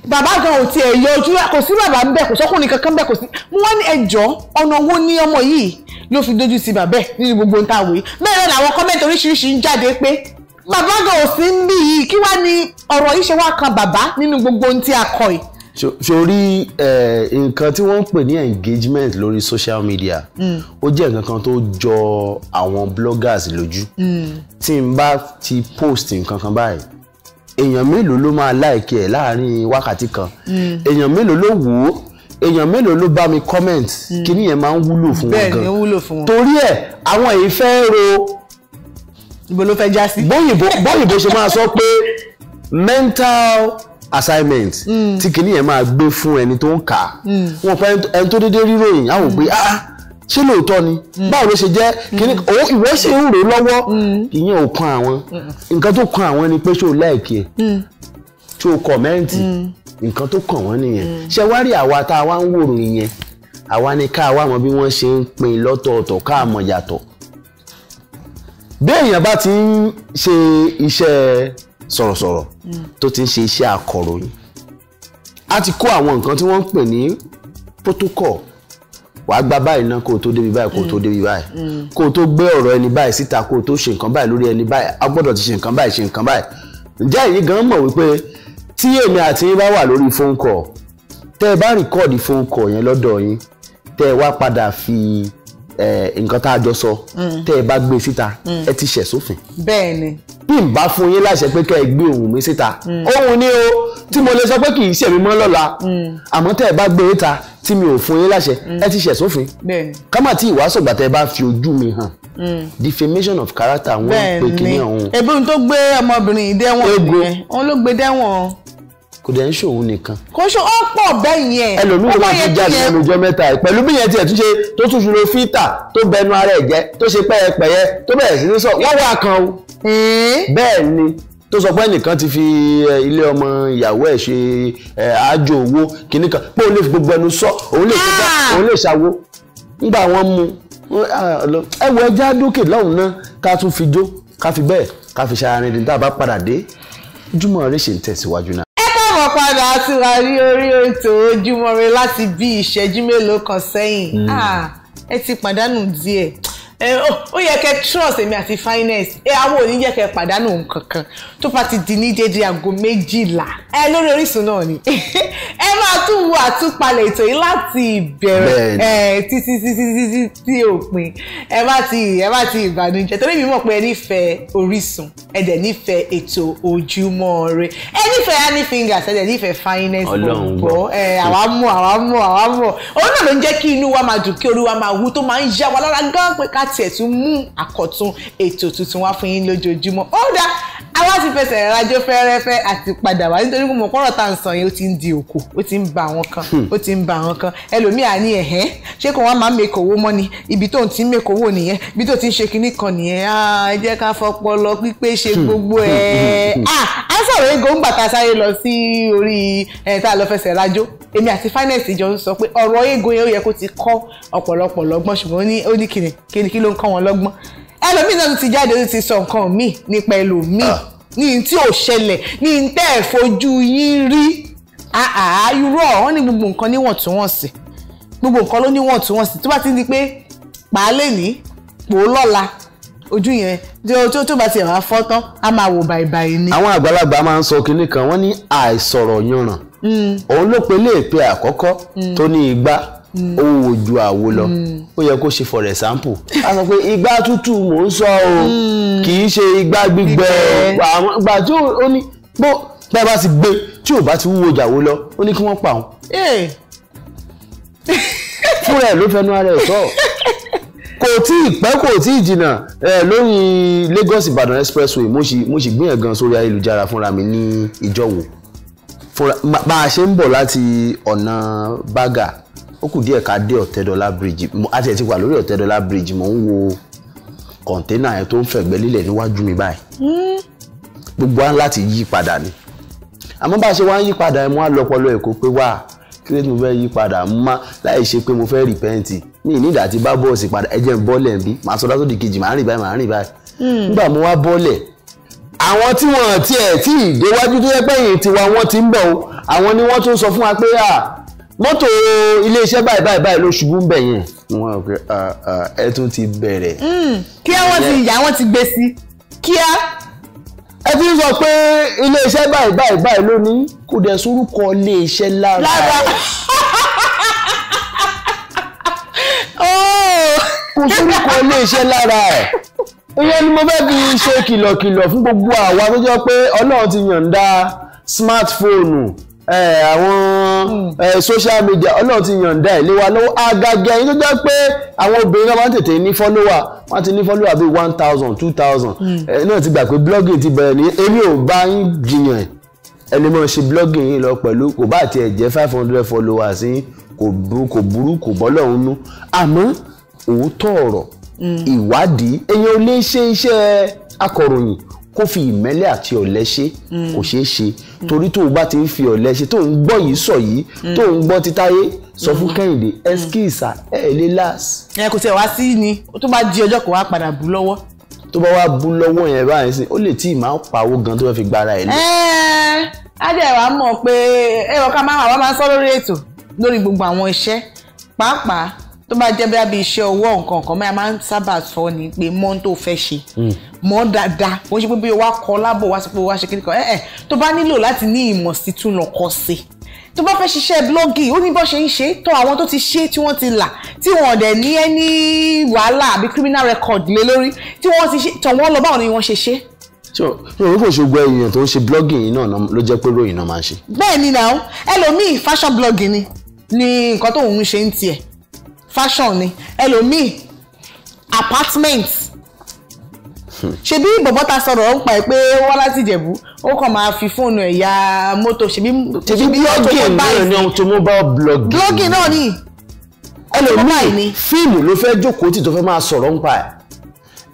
bàbá gan ò tiẹ̀ yọ ojú kò sí bàbá ń bẹ̀ kò sọ́kùnrin kankan bẹ̀ kò sí mo wá ní ẹjọ́ ọ̀nà wo ni ọmọ yìí ló fi dójú sí bàbá ẹ̀ nínú gbogbo ń tàwé bẹ́ẹ̀ náà làwọn kọ́mẹ́ntì oríṣiríṣi ń jáde pé bàbá gan ò sí ń bí yìí kí wá ni ọ̀rọ̀ yìí ṣe wá kan bàbá nínú gbogbo ohun tí a kọ yìí. sori nǹkan tí wọ́n ń pè ní engagement lórí social media hmm. ó jẹ́ nǹkan kan tó jọ àwọn bloggers lójú hmm. tí n bá ti post nǹkan kan báyìí èèyàn mélòó ló máa láìkí ẹ̀ láàrin wákàtí kan hmm. èèyàn mélòó ló wò ó èèyàn mélòó ló bá mi comment hmm. kíní yẹn máa ń wúlò fún wọn gan bẹ́ẹ̀ ni ó wúlò fún torí ẹ̀ àwọn èyí fẹ́ ro bóyìnbó bóyìnbó ṣe máa sọ pé mental assignment hmm. tí kíní yẹn máa gbé fún ẹni tó ń kà á wọn pa ẹni tó déédéé ríròyìn á wò pé ah ṣé lóòótọ́ ni mm. báwo ló ṣe jẹ́ mm. kíní ìwọ sì ń rò lọ́wọ́ mm. ìyẹn ò kan àwọn nǹkan tó kan àwọn ni pé ṣé o láìkí ẹ̀ ṣé o kọ̀mẹ́ǹtì nǹkan tó kàn wọ́n nìyẹn ṣé wá rí àwa tá a wá ń wòrò ìyẹn àwa ni ká wá mọ bí wọ́n ṣe ń pín lọ́tọ̀ọ̀tọ̀ ká mọ̀ yàtọ̀ bí èèyàn bá ti ń ṣe iṣẹ́ sọ̀rọ̀sọ̀rọ̀ tó ti ń ṣe iṣẹ́ akọ̀ròyìn a ti kó àwọn nǹkan tí wọ́n ń pè ní protocol wà á gba báyìí náà kó o tó débi báyìí kó o tó mm. débi báyìí mm. kó o tó gbé ọ̀rọ̀ ẹni báyìí síta kó o tó ṣe nǹkan báyìí lórí ẹni báyìí a gbọ́dọ̀ ti ṣe nǹkan báyìí ṣe nǹkan báyìí ǹjẹ́ èyí gan mọ̀ wípé tí èmi àti yín bá wà lórí phone call tẹ́ ẹ bá rìkọ́ọ̀dì phone call yẹn lọ́dọ̀ yín tẹ́ ẹ wá padà fi nǹkan tá a jọ sọ mm. tẹ́ ẹ bá gbé síta ẹ ti ṣẹ̀ sófin. bẹ́ẹ̀ ni bí n bá fún yín láṣẹ pé kẹ́ ẹ gbé ohùn mi síta ohùn ni o tí mo lè sọ pé kì í ṣèmi mọ́ lọ́la àmọ́ tẹ́ ẹ bá gbé e ta tí mi ò fún yín láṣẹ ẹ ti ṣẹ̀ sófin ká má tí ìwàásùgbà tẹ́ ẹ bá fi ojú mi hàn mm. defamation of character wọn pe kìíní ọ̀hún. ebi ohun tó gbé ọmọbìnrin yìí dẹ́wọ̀n nìyẹn òun ló gbé dẹ́wọ̀n. kò dẹ̀ ń ṣòun nìkan. kò ṣe ó pọ̀ bẹ́ẹ̀ yẹn. ẹlòmíràn máa fi jáde nínú ọjọ́ mẹ́ta ẹ̀ pẹ̀lú bí yẹn tiẹ̀ tún ṣe tó tún ṣòro fíìtà tó bẹnu ara ẹ̀ jẹ́ tó ṣe pẹ́yẹpẹ́yẹ tó bẹ̀rẹ̀ sí ní sọ wọ́n wá kan o. Eh? bẹ́ẹ̀ ni tó sọ pé ẹnìkan ti fi eh, ilé ọmọ ìyàwó ẹ̀ ṣe eh, àjò owó kìíní kan pé òun lè fi gbogbo ẹnu sọ òun lè fi ah! òun lè ṣàwo ńgbà wọn mu ẹ wọ ẹja dókè lọ́hùn náà ká tún fi jó ká fi bẹ́ẹ̀ ká fi ṣàárín ní tá a bá padà dé Ojúmọ́ Ire ṣe ń tẹ̀síwájú náà mọ̀ padà sí wa rí orí ètò Ojúmọ́ Ire láti bí ìṣẹ́jú mélòó kan sẹ́yìn hmm. ah, ẹ ti pàdánù díẹ̀ ó yẹ kẹ́ trust èmi àti finance ẹ àwọn ò ní yẹ kẹ́ pàdánù nǹkankan tó bá ti di ní dédé aago méjìlá ẹ lórí Orísun náà ni (laughs) ẹ máa tún wo àtúpalẹ̀ ètò yìí láti ìbẹ̀rẹ̀ ẹ títí títí títí tí òpin ẹ má ti ẹ má ti ìbànújẹ́ torí mi mọ̀ pé ẹ nífẹ̀ẹ́ Orísun ẹ dẹ̀ nífẹ̀ẹ́ ètò Ojúmọ́ Ire ẹ nífẹ̀ẹ́ honey fingers ẹ dẹ̀ nífẹ̀ẹ́ finance gbọ́ ẹ àwa mọ̀ àwa mọ̀ àwa mọ̀ òun náà ló ń jẹ́ kí inú wa máa dùn kí orí wa máa wú tó máa ń yá wa lára gán pé ká tiẹ̀ tún mú àkọ́tún ètò tuntun wá fún yín lójoojúmọ́ ó dáa àwa fẹsẹ̀ rájò fẹ́rẹ́fẹ́ àti padà wá nítorí pé mo pọ́rọ̀ tá à ń sàn yìí ó ti ń di òkú ó ti ń ba àwọn kan ó ti ń ba àwọn kan ẹlòmíì àní ẹ̀hẹ́ ṣé kò wọ́n máa ń mèkò owó mọ́ ibi tó ń ti mèkò owó nìyẹn ibi tó ti ń ṣe kinní kan nìyẹn ah, ẹ jẹ́ ká fọpọlọ pípé ṣe gbogbo ẹ̀ (laughs) ah, sọ̀rọ̀ ego ń gbàtà sáré lọ sí orí ẹ̀ eh, tá a èmi àti finance jọ ń sọ pé ọ̀rọ̀ ego yẹn ó yẹ kó ti kọ́ ọ̀pọ̀lọpọ̀ lọ́gbọ́n ṣùgbọ́n ó ní kìnnì kìnnì kí ló ń kọ́ wọn lọ́gbọ́n ẹlòmíì náà ti jáde ó ti sọ nǹkan míì nípa ẹlòmíì ah. ní tí ò ṣẹlẹ̀ ní tẹ́ ẹ̀ fojú yín rí àáyúrọ̀ wọ́n ní gbogbo nǹkan níwọ̀ntúnwọ̀nsì gbogbo nǹkan ló níwọ̀ntúnwọ̀nsì tó bá ti di pé pàálẹ̀ ní pòó ojú yẹn tí ó tó bá tiẹ̀ wá fọ́ tán á máa wò bàìbàì ni. àwọn àgbàlagbà máa ń sọ kinní kan wọ́n ní àìsọ̀rọ̀ yanràn hmm. òun ló pe léèpẹ àkọ́kọ́ hmm. tó ní igbá hmm. ó wò ju àwo lọ ó yẹ kó ṣe for example a sọ pé igbá tútù mò ń sọ o kì í ṣe igbá gbígbẹ àwọn ìgbà tí ó ní bó bẹ́ẹ̀ bá ti gbé tí ò bá ti wúwo jàwó lọ ó ní kí wọ́n pa òun eh. fúnra ẹ̀ ló fẹnu ara ẹ̀ sọ (laughs) kò tí ì pẹ́ kò tí ì jìnnà lórí Lagos Ìbàdàn expressway mo sì mo sì gbìyànjú gan sórí ayélujára fúnra mi ní ìjọ́wò fúnra bá a ṣe ń bọ̀ láti ọ̀nà bága ó kù díẹ̀ ká dé ọ̀tẹ́dọ́lá bridge àti ẹ̀ ti wà lórí ọ̀tẹ́dọ́lá bridge mò ń wo kọ̀ǹténà yẹn tó ń fẹ̀gbẹ́ lílẹ̀ níwájú mi báyìí hmm. gbogbo wa láti yí padà ni àmọ́ bá a ṣe wá ń yí padà ẹ̀ mú àlọ́pọ̀lọ́ ẹ̀kọ́ pé wá kí ló ti mo fẹ́ yí padà má láì ṣe pé mo fẹ́ rìpẹ́ǹtì ní ìnídà àti bá bọ́ọ̀sì padà ẹ jẹ́ ń bọ́ọ̀lẹ̀ bí màá sọ dátó di kejì màá rìn báyìí màá rìn báyìí. Hmm. nígbà mo wá bọ́ọ̀lẹ̀ àwọn tí wọ́n ti ẹ̀ tí ìdéwájú tó yẹ pé yìí tiwa wọ́n ti ń bọ̀ o àwọn ni wọ́n tún sọ fún wa pé à mọ́tò iléeṣẹ́ báyìí báyìí báyìí ló ṣubú ń bẹ̀ yẹn. wọ́n rò pé ẹ tún ti bẹ̀rẹ̀. Hmm. kí àwọn ti yà wọ́n ti gbé sí kíá. ẹ ti sọ pé iléeṣẹ́ báyìí báyìí báyìí ló ní kò dẹ̀ sórúkọ iléeṣẹ́ lára. lára (laughs) kù sórúkọ iléeṣẹ́ lára ẹ̀ ìyẹn ni mo fẹ́ fi ṣe kìlọ̀kìlọ̀ fún gbogbo àwa tó jẹ́ pé ọlọ́run ti yọ̀ǹda smartphone àwọn social media ọlọ́run ti yọ̀ǹda ẹ̀ lé wa lọ́wọ́ agagẹ́ yìí tó jẹ́ pé àwọn obìnrin náà máa tètè ní fọ́lọ́wà wọ́n ti ní fọ́lọ́wà bíi one thousand two thousand hmm. náà ti gbà pé blogging ti bẹ̀rẹ̀ ní èmi ò bá yín jiyàn ẹni mọ̀ ṣe blogging yìí lọ pẹ̀lú kò bá tiẹ̀ jẹ́ five hundred followers yín kò burú kò bọ́lọ́run nú àmọ́ òótọ́ ọ̀rọ̀ ìwádìí èèyàn ò lè ṣe iṣẹ́ akọ̀ròyìn kó fi ìmẹ́lẹ́ àti ọ̀lẹ ṣe kò ṣeé ṣe torí tó o bá ti ń fi ọ̀lẹ ṣe tó ń gbọ́ yìí sọ yìí tó ń gbọ́ títáyé sọ fún kẹ́hìndé ẹskíìsà ẹ̀ lè láàs. ẹ kò tẹ̀ wá sí ni tó bá di ọjọ́ kan wá padà bù lọ́wọ́. tó bá wá bù lọ́wọ́ yẹn báyìí sí ó lè tí ì máa pawó gan tó fẹ́ fi gbára ẹ̀ lọ. ẹ á dẹ̀ wá mọ̀ pé ẹ̀rọ ká máa wà wá máa sọ lórí ètò lórí gbogbo àwọn iṣẹ́ pàápàá tó bá jẹ́ bóyá bí iṣẹ́ ọwọ́ nǹkan kan mẹ́ta máa ń sábà sọ ni pé mọ́ tó fẹ́ ṣe hmm. mọ́ dáadáa wọ́n ṣe pé bí wàá kọ́ lábọ̀ wá sí pé wàá ṣe kíni kan ẹ̀ẹ́ tó bá nílò láti ní ìmọ̀ sí tún lọ kọ́ sí tó bá fẹ́ ṣiṣẹ́ blọ́gì ó ní bó ṣe ń ṣe tó àwọn tó ti ṣe tí wọ́n ti là tí wọ́n dẹ̀ ní ẹni wàhálà àbí criminal record lé lórí tí wọ́n ti ṣe tọ̀ wọ́n lọ báwọn ni wọ́n ṣe ṣe so yóò fò ṣògbọ èèyàn tó ń ṣe blogging yìí náà ló jẹ́ pé ròyìn náà máa ń ṣe. bẹ́ẹ̀ náà ẹlòmíì fashion blogging ni ni nǹkan tóun ń ṣe ń tiẹ̀ fashion ni ẹlòmíì apartment ṣebí bọ̀bọ́ ta sọ̀rọ̀ ó pa ẹ̀ pé wọ́n láti jẹ̀bú ó kàn máa fi fóònù ẹ̀ ya mọ́tò ṣebí ṣebí blogging náà ni ohun tó mú bá blogging blogging náà ni ẹlòmíì fíìmù ló fẹ́ jókòó tí tó fẹ́ máa sọ̀rọ̀ ń pa ẹ̀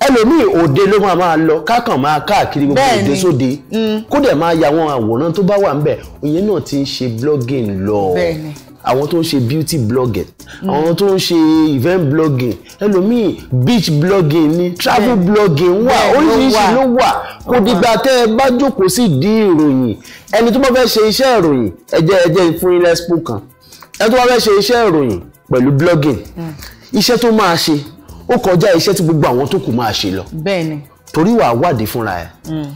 ẹlòmíì òde ló máa máa lọ kákan máa káàkiri gbogbo òde sóde mm. kó dẹ̀ máa ya àwọn àwòrán tó bá wà ń bẹ̀ òye náà ti ń ṣe blogging lọ. bẹ́ẹ̀ni àwọn tó ń ṣe beauty blogging àwọn tó ń ṣe event blogging ẹlòmíì beach blogging ni travel blogging wà oríṣiríṣi ló wà kò dìgbà tẹ́ ẹ bá jókòó sí ìdí ìròyìn ẹni tó bá fẹ́ ṣe iṣẹ́ ìròyìn ẹ jẹ́ ẹ jẹ́ fún ilé expo kan ẹni tó bá fẹ́ ṣe iṣẹ́ ìròyìn pẹ̀lú blogging hmm. iṣẹ́ tó máa ṣe ó kọjá iṣẹ́ tí gbogbo àwọn tó kù máa ṣe lọ bẹ́ẹ̀ni torí wàá wádìí fúnra ẹ̀ hmm.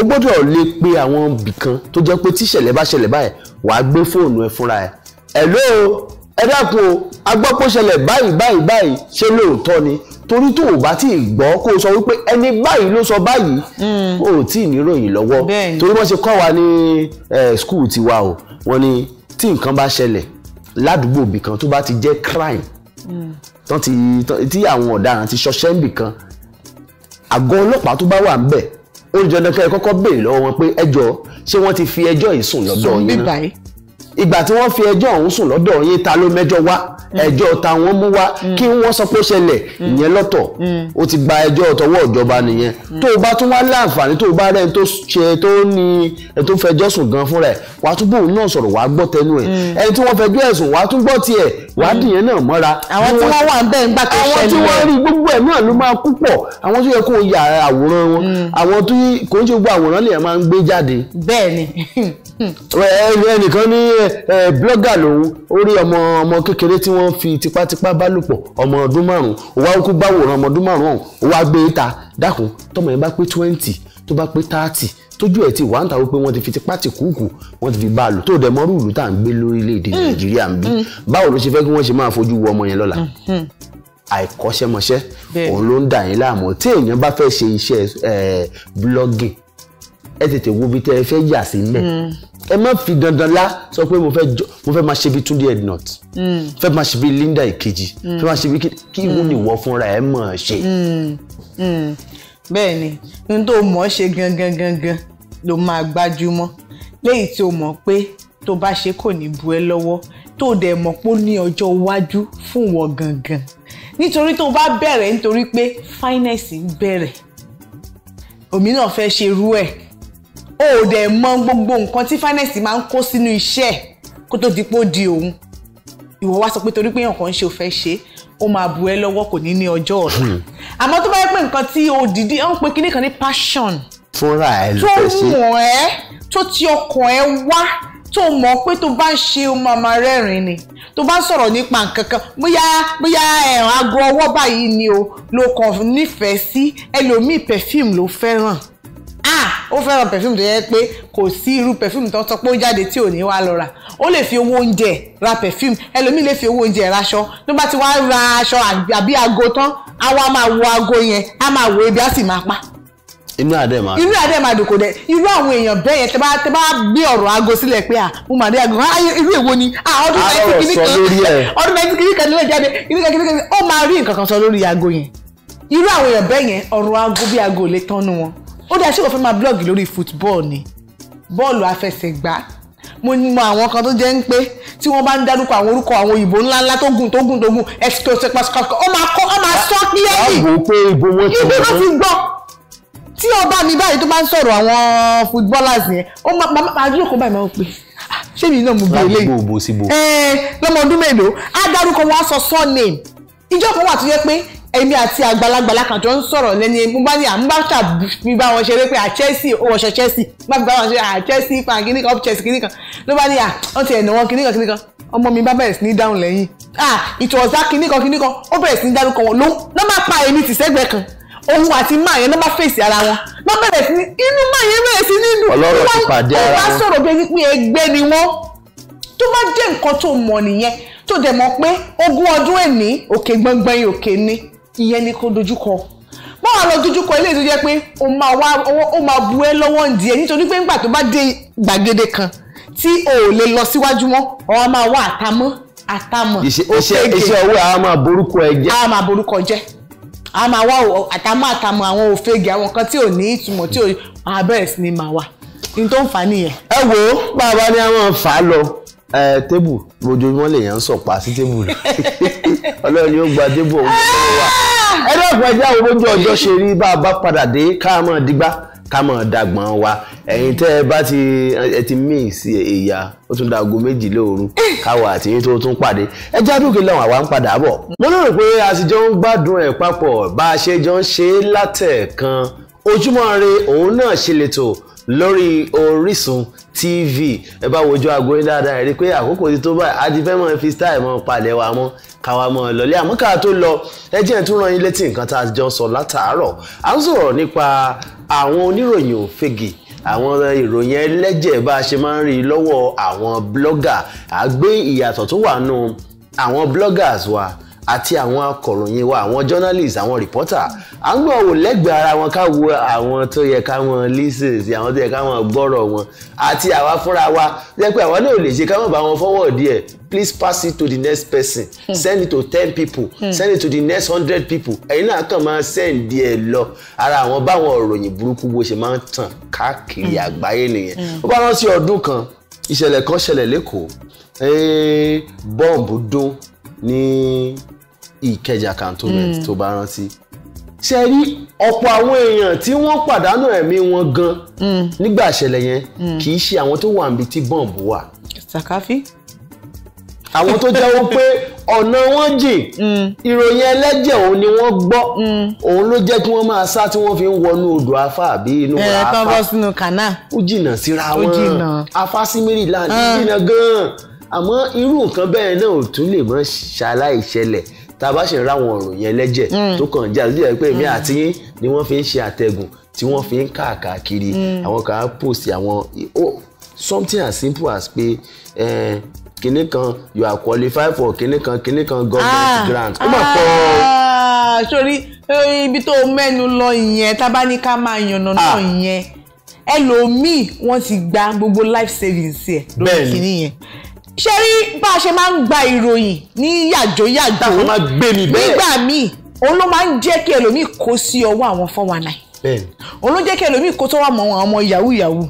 o gbọ́dọ̀ lè pe àwọn bìkan tó jẹ́ pé tíṣẹ̀lẹ̀ bá ṣẹlẹ̀ báyìí wàá gbé fóònù ẹ fúnra ẹ̀ hello ẹ dákun o a gbọ́ pé ó ṣẹlẹ̀ báyìí báyìí báyìí ṣé lóòótọ́ ni torí tó o bá tí ì gbọ́ kó o sọ wípé ẹni báyìí ló sọ báyìí hmm. o ò tí ì níròyìn lọ́wọ́ torí wọ́n ṣe kọ́ wa ní skul tiwa o wọ́n ní tí nǹkan bá ṣẹlẹ̀ ládùúgbò bì kan tó bá ti jẹ́ crime hmm. tí àwọn ọ̀daràn ti ṣọṣẹ́ ń bì kan àgọ́ ọlọ́pàá tó bá wà ń bẹ̀ ó ń jẹ́ dandan kẹ́ ẹ kọ́kọ́ béèrè lọ́wọ́ wọn pé ẹjọ́ ṣé wọ́n ti fi ẹjọ́ yìí sùn lọ́dọ̀ yín náà ìgbà tí wọ́n fi ẹjọ́ ọ̀hún sùn lọ́dọ̀ yín ta ló mẹ́jọ wá ẹjọ́ ta wọ́n mú wá mm. kí wọ́n sọ pé ó ṣẹlẹ̀ mm. ìyẹn lọ́tọ̀ mm. ó ti gba ẹjọ́ tọwọ́ ìjọba nìyẹn tó o bá tún wá láǹfààní tó o bá rẹ́ni tó ṣe tó ní ẹni tó fẹjọ́ sùn gan fúnra ẹ̀ wà á tún bóun náà sọ̀rọ̀ wà á gbọ́ tẹnu ẹ̀ ẹni tí wọ́n fẹjọ́ ẹ̀sùn wà á tún gbọ́ tiẹ̀ wà á dìyẹn náà mọ́ra. àwọn tí wọ́n wà bẹ́ẹ̀ ń gbà tó ṣẹlẹ̀ blogger lòun ó rí ọmọ ọmọ kékeré tí wọ́n fi tipátipá bá lòpọ̀ ọmọ ọdún márùn-ún òwá ó kú gbàwòrán ọmọ ọdún márùn-ún ọ̀hún òwá e ta dákun tọmọ yẹn bá pé twenty tó bá pé thirty tójú ẹ̀ ti wà ń ta wípé wọ́n ti fi tipá ti kúkú wọ́n ti fi bá a lò tó dẹ̀ mọ́rú ìlú tá à ń gbé lórílẹ̀‐èdè mm. nàìjíríà ń bí mm. báwo ló ṣe fẹ́ kí wọ́n ṣe máa fojú wo ọmọ yẹn lọ́la mm, àìkọ́ṣẹ́mọṣẹ́ òun ló ń dà yín láàmú tí èèyàn bá fẹ́ ṣe iṣẹ́ blogging ẹ tètè wo bí tẹ́ ẹ fẹ́ yà sí mẹ́ ẹ má fi dandan lá sọ pé mo fẹ́ mo fẹ́ máa ṣe bí Túndé Ednut hmm. fẹ́ máa ṣe bí Linda Ìkejì hmm. fẹ́ máa ṣe bí kí ìwọ ni ìwọ fúnra ẹ mọ̀ ọ́ ṣe. Hmm. bẹ́ẹ̀ ni n tó mọ̀ ọ́ ṣe gangan gangan ló máa gbájúmọ́ léyìí tí o mọ̀ pé tó bá ṣe kò ní bu ẹ lọ́wọ́ tó dẹ̀ mọ̀ pé ó ní ọjọ́ iwájú fún ìwọ gangan nítorí tó bá bẹ̀rẹ̀ nítorí pé finance ń bẹ̀rẹ̀ òmíràn fẹ́ ṣerú ẹ̀ o ò dẹ̀ mọ gbogbo nǹkan tí finance máa ń kó sínú iṣẹ́ kó tó di pé ó di òun ìwọ wá sọ pé torí pé nǹkan ń ṣe ò fẹ́ ṣe ó máa bu ẹ lọ́wọ́ kò ní ní ọjọ́ ọ̀la hmm. àmọ́ tó bá yẹ pé nǹkan tí o dìde ó ń pe kíní kan ní passion fúnra ẹ ló fẹ́ ṣe tó mọ̀ ẹ́ tó ti ọkàn ẹ wá tó mọ̀ pé tó bá ń ṣe o máa máa rẹ́rìn-ín ni tó bá ń sọ̀rọ̀ nípa nǹkan kan bóyá bóyá ẹ̀ràn aago ọwọ́ báyìí ni o ló kàn nífẹ̀ẹ́ sí ẹlòmíì perfume ló fẹ́ràn ó fẹ́ràn perfume tó yẹ pé kò sí irú perfume tó sọ pé ó jáde tí ò ní wá lọ rà ó lè fi owó oúnjẹ ra perfume ẹlòmíì lè fi owó oúnjẹ ra aṣọ tó bá ti wá ra aṣọ àbí aago tán á wá máa wo aago yẹn á máa wo ebi á sì máa pa inú àdé máa inú àdé máa dùn kò dẹ irú àwọn èèyàn bẹ́ẹ̀ yẹn tẹ bá tẹ bá gbé ọ̀rọ̀ aago sílẹ̀ pé à mo mà dé aago ah irú èwo ni ah ọdún náà ti kìíní kan ọdún náà ti kìíní kan nílẹ̀ jáde kìíní kan kìíní kan ó máa rí nǹkan kan sọ lórí aago yẹn irú àwọn èèyàn bẹ́ẹ̀ yẹn ọ̀rọ̀ aago bí aago lè tọ́nu wọn ó dá ṣé kò fẹ́ máa blọ́ọ̀gì lórí football ni bọ́ọ̀lù àfẹsẹ̀gbá mo mọ àwọn kan tó jẹ́ ń pé tí wọ́n bá ń dárúkọ àwọn orúkọ àwọn òyìnbó ńlá ńlá tó gùn tó gùn tó gùn ẹ̀sìn tó ṣe pàṣípàṣípà ó máa kọ́ ó máa sọ kílẹ̀lì ibi ló ti gbọ́ tí ọba mi báyìí tó bá ń sọ̀rọ̀ àwọn footballers yẹn ó máa máa dúró kó báyìí máa ń pè ah, ṣé mi náà mo bí eléyìí eh, lọ́mọ ọdún mélòó á dárúkọ wọn á sọ surname ìjọ kan wà tó yẹ pé èmi àti àgbàlagbà lákàn tó ń sọ̀rọ̀ lẹ́ni mo bá ní àmúbá ṣàbí bá wọn ṣeré pé à Chelsea ó wọṣọ Chelsea má fi bá wọn ṣe à Chelsea fan kìíní kan up Chelsea kìíní kan ló bá ní à wọ́n ti ẹ̀nà wọn kìíní kan kìíní kan ọmọ mi bá bẹ̀rẹ̀ sí ní dáhùn lẹ́yìn à ìtọ̀ọ̀sá kìíní kan kìíní kan ó bẹ̀rẹ̀ sí ní dárúkọ wọn ló ló má pa èmi tì sẹ́gbẹ̀ẹ́ kan òun àti máa yẹn ló má fèsì ara wọn ló bẹ̀rẹ̀ sí ní inú máa yẹn bẹ̀rẹ̀ sí nínú ọlọ́rọ̀ ti pàdé ara wọn ó bá sọ̀rọ̀ bí ẹni pé ẹgbẹ́ ni wọ́n tó bá jẹ́ nǹkan tó mọ̀ nìyẹn tó dẹ̀ mọ̀ pé ogún ọdún èní òkè gbọ̀ngbọ̀n òkè ni ìyẹn ni kò dojúkọ báwa lọ dojúkọ ilé tó jẹ́ pé ó máa wá ó máa bu ẹ́ lọ́wọ́ ń díẹ̀ nítorí pé ńgbà tó bá dé gbàgede kan tí o ò lè lọ síwájú mọ́ ọ̀rọ̀ máa wá àtàmọ́ àtàmọ́ òṣèké iṣẹ́ owó àwọn máa borúkọ ẹ jẹ́ àwọn máa borúkọ jẹ́ àwọn máa wá àtàmọ́ àtàmọ́ àwọn òfegè àwọn kan tí ò ní ìtumọ̀ tí ò abẹ́rẹ́ sí ni máa wà ní tó ń fà á nìyẹn. ẹ wo bàbá ni a máa fà á lọ ẹ tébù ojoojúmọ́ lèèyàn ń sọ̀pá sí tébù rẹ̀ (laughs) ọlọ́run ni ó gba tébù ọ̀hún tó wà. ẹ dọ́kun ẹjẹ́ àwọn ojú ọjọ́ ṣe rí bá a bá padà dé ká máa digbá ká máa dàgbọ́n wa ẹ̀yin tẹ́ ẹ bá ti ẹ ti míì sí ìyá ó tún da aago méjì lóru (laughs) káwa àti yín tó tún pàdé ẹ já dúkì lọ́wọ́ àwa ń padà bọ̀. mo lérò pé a sì jọ ń gbádùn ẹ̀ papọ̀ bá a ṣe jọ ń ṣe é látẹ̀ẹ̀kan Ojúmọ́ Ire òun náà ṣe lè tò lórí Orísun TV ẹ bá wojú aago yín dáadáa ẹ rí i pé àkókò ti tó báyìí a ti fẹ́ mọ́ fi style mọ́ palẹ̀ wa mọ́ káwa mọ́ ẹ lọ́lẹ́ àmọ́ káà tó lọ ẹ jẹ́ tún rán yín létí nǹkan tá a jọ sọ látàárọ̀ à ń sọ̀rọ̀ nípa àwọn oníròyìn òfegè àwọn ìròyìn ẹlẹ́jẹ̀ bá a ṣe máa ń rí lọ́wọ́ àwọn blogger àgbé ìyàtọ̀ tó wà nù àwọn bloggers wa àti àwọn akọ̀ròyìn wa àwọn journalist àwọn reporter à ń gbọ́ wò lẹ́gbẹ̀ẹ́ ara wọn ká wo àwọn tó yẹ káwọn listen sí àwọn tó yẹ káwọn gbọ́rọ̀ wọn àti àwa fúnra wa jẹ́ pé àwa náà lè ṣe káwọn bá wọn forward díẹ̀ please pass it to the next person hmm. send it to ten people hmm. send it to the next hundred people ẹ̀yin náà kàn máa send díẹ̀ lọ ara àwọn báwọn òròyìn burúkú bó ṣe máa ń tàn káàkiri hmm. àgbáyé nìyẹn hmm. ó bá rántí ọdún kan ìṣẹ̀lẹ̀ kan ṣẹlẹ̀ lẹ́kọ̀ọ́ bọ́ǹbù dún ní Ìkẹjà cantonment mm. tó bá rántí ṣe rí ọ̀pọ̀ àwọn èèyàn tí wọ́n pàdánù ẹ̀mí wọn gan mm. nígbà ìṣẹ̀lẹ̀ yẹn mm. kì í ṣe àwọn tó wà níbi tí bọ́ǹbù wà. sàkáfí. àwọn tó jẹ́wọ́ pé ọ̀nà wọn jìn ìròyìn ẹlẹ́jẹ̀ òun ni wọ́n gbọ́ òun ló jẹ́ kí wọ́n máa sá tí wọ́n fi ń wọnú odò afá àbí inú eh, afá. ẹ̀ẹ́dẹ́gbọ́n sínú kànáà. ó jìnnà síra wọn afásímírì láàrin ah. jìnnà gan-an àmọ́ irú nǹkan bẹ́ẹ̀ náà ò tún lè mọ́ ṣaláìṣẹlẹ̀ tá a bá ṣe ráwọn ọ̀rùn yẹn lẹ́jẹ̀ hmm. tó kàn jẹ́ àdúgbò yẹn pé èmi hmm. àti yín ni wọ́n fi ń ṣe àtẹ̀gùn tí wọ́n fi ń káàkiri hmm. àwọn kan á post àwọn oh, something as simple as pé kinní kan you are qualified for kinní kan kinní kan government ah, grant ó mà ah, pọ̀ sori ibi tó mẹ́nu lọ ìyẹn tá ká máa yànnà náà ah. ìyẹn ẹlòmíì wọ́n ti gba gbogbo life savings ẹ̀ lórí kinní yẹn ṣé rí bá a ṣe máa ń gba ìròyìn ní yàjóyàjó nígbà míì òun ló máa ń jẹ́ kí ẹlòmíì kó sí ọwọ́ àwọn four one nine òun ló jẹ́ kí ẹlòmíì kó tó wà mọ́ àwọn ọmọ yahoo yahoo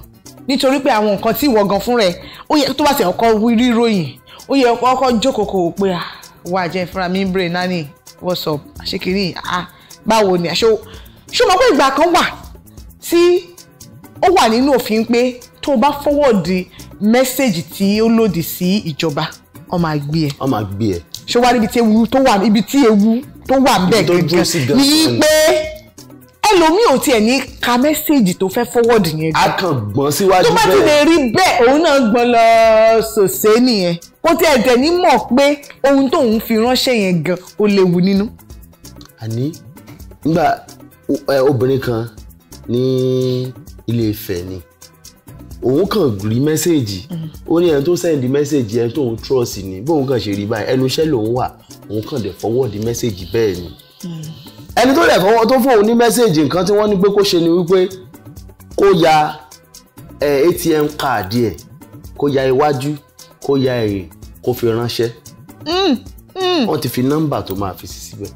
nítorí pé àwọn nǹkan tí ìwọ gan fún rẹ ó yẹ tó bá ti ọkọ rí ròyìn ó yẹ ọkọ jókòó pé à ah, wà jẹ́ fúnra mi bèrè nání what's up àṣekiri à ah, báwo ni àṣọ ṣó mọ̀ pé ìgbà kan wà tí ó wà nínú òfin pé tó o bá fọwọ́ọ̀dì mẹ́sẹ̀gì tí ó lòdì sí ìjọba ọ máa gbé ẹ. ọ máa gbé ẹ. ṣé wàá níbi tí ewu tó wà ibi tí ewu tó wà bẹ́ẹ̀ gẹ́gẹ́ ní pé ẹlòmíì ò tiẹ̀ ní ka mẹ́sẹ̀gì tó fẹ́ fọwọ́ọ̀dì yẹn gan. a kàn gbọ́n síwájú bẹ́ẹ̀. tó bá ti lè rí bẹ́ẹ̀ òun náà gbọ́n lọ sòsé nìyẹn kó tiẹ̀ dẹ̀ ní mọ̀ pé ohun tóun fi ránṣẹ́ yẹn gan ó léwu nínú. àní nígbà obìnrin kan ní Ilé Ifẹ̀ ni òun kàn rí mẹ́sẹ̀gì mm. ó ní ẹni tó sẹ́ndì mẹ́sẹ̀gì ẹni tóun trọ́ọ̀sì ni bóun kàn ṣe rí báyìí ẹnu iṣẹ́ lòun wà òun kàn dẹ̀ fọwọ́ọ̀dì mẹ́sẹ̀gì bẹ́ẹ̀ ni. Mm. ẹni tó dẹ̀ fọwọ́ tó fóun ní mẹ́sẹ̀gì nǹkan tí wọ́n ní pé kó ṣe ni wípé kó ya ATM káàdì ẹ̀ kó ya iwájú kó ya ẹ̀yìn kó fi ránṣẹ́ mm. wọ́n ti fi nọ́mbà tó máa fi sí síbẹ̀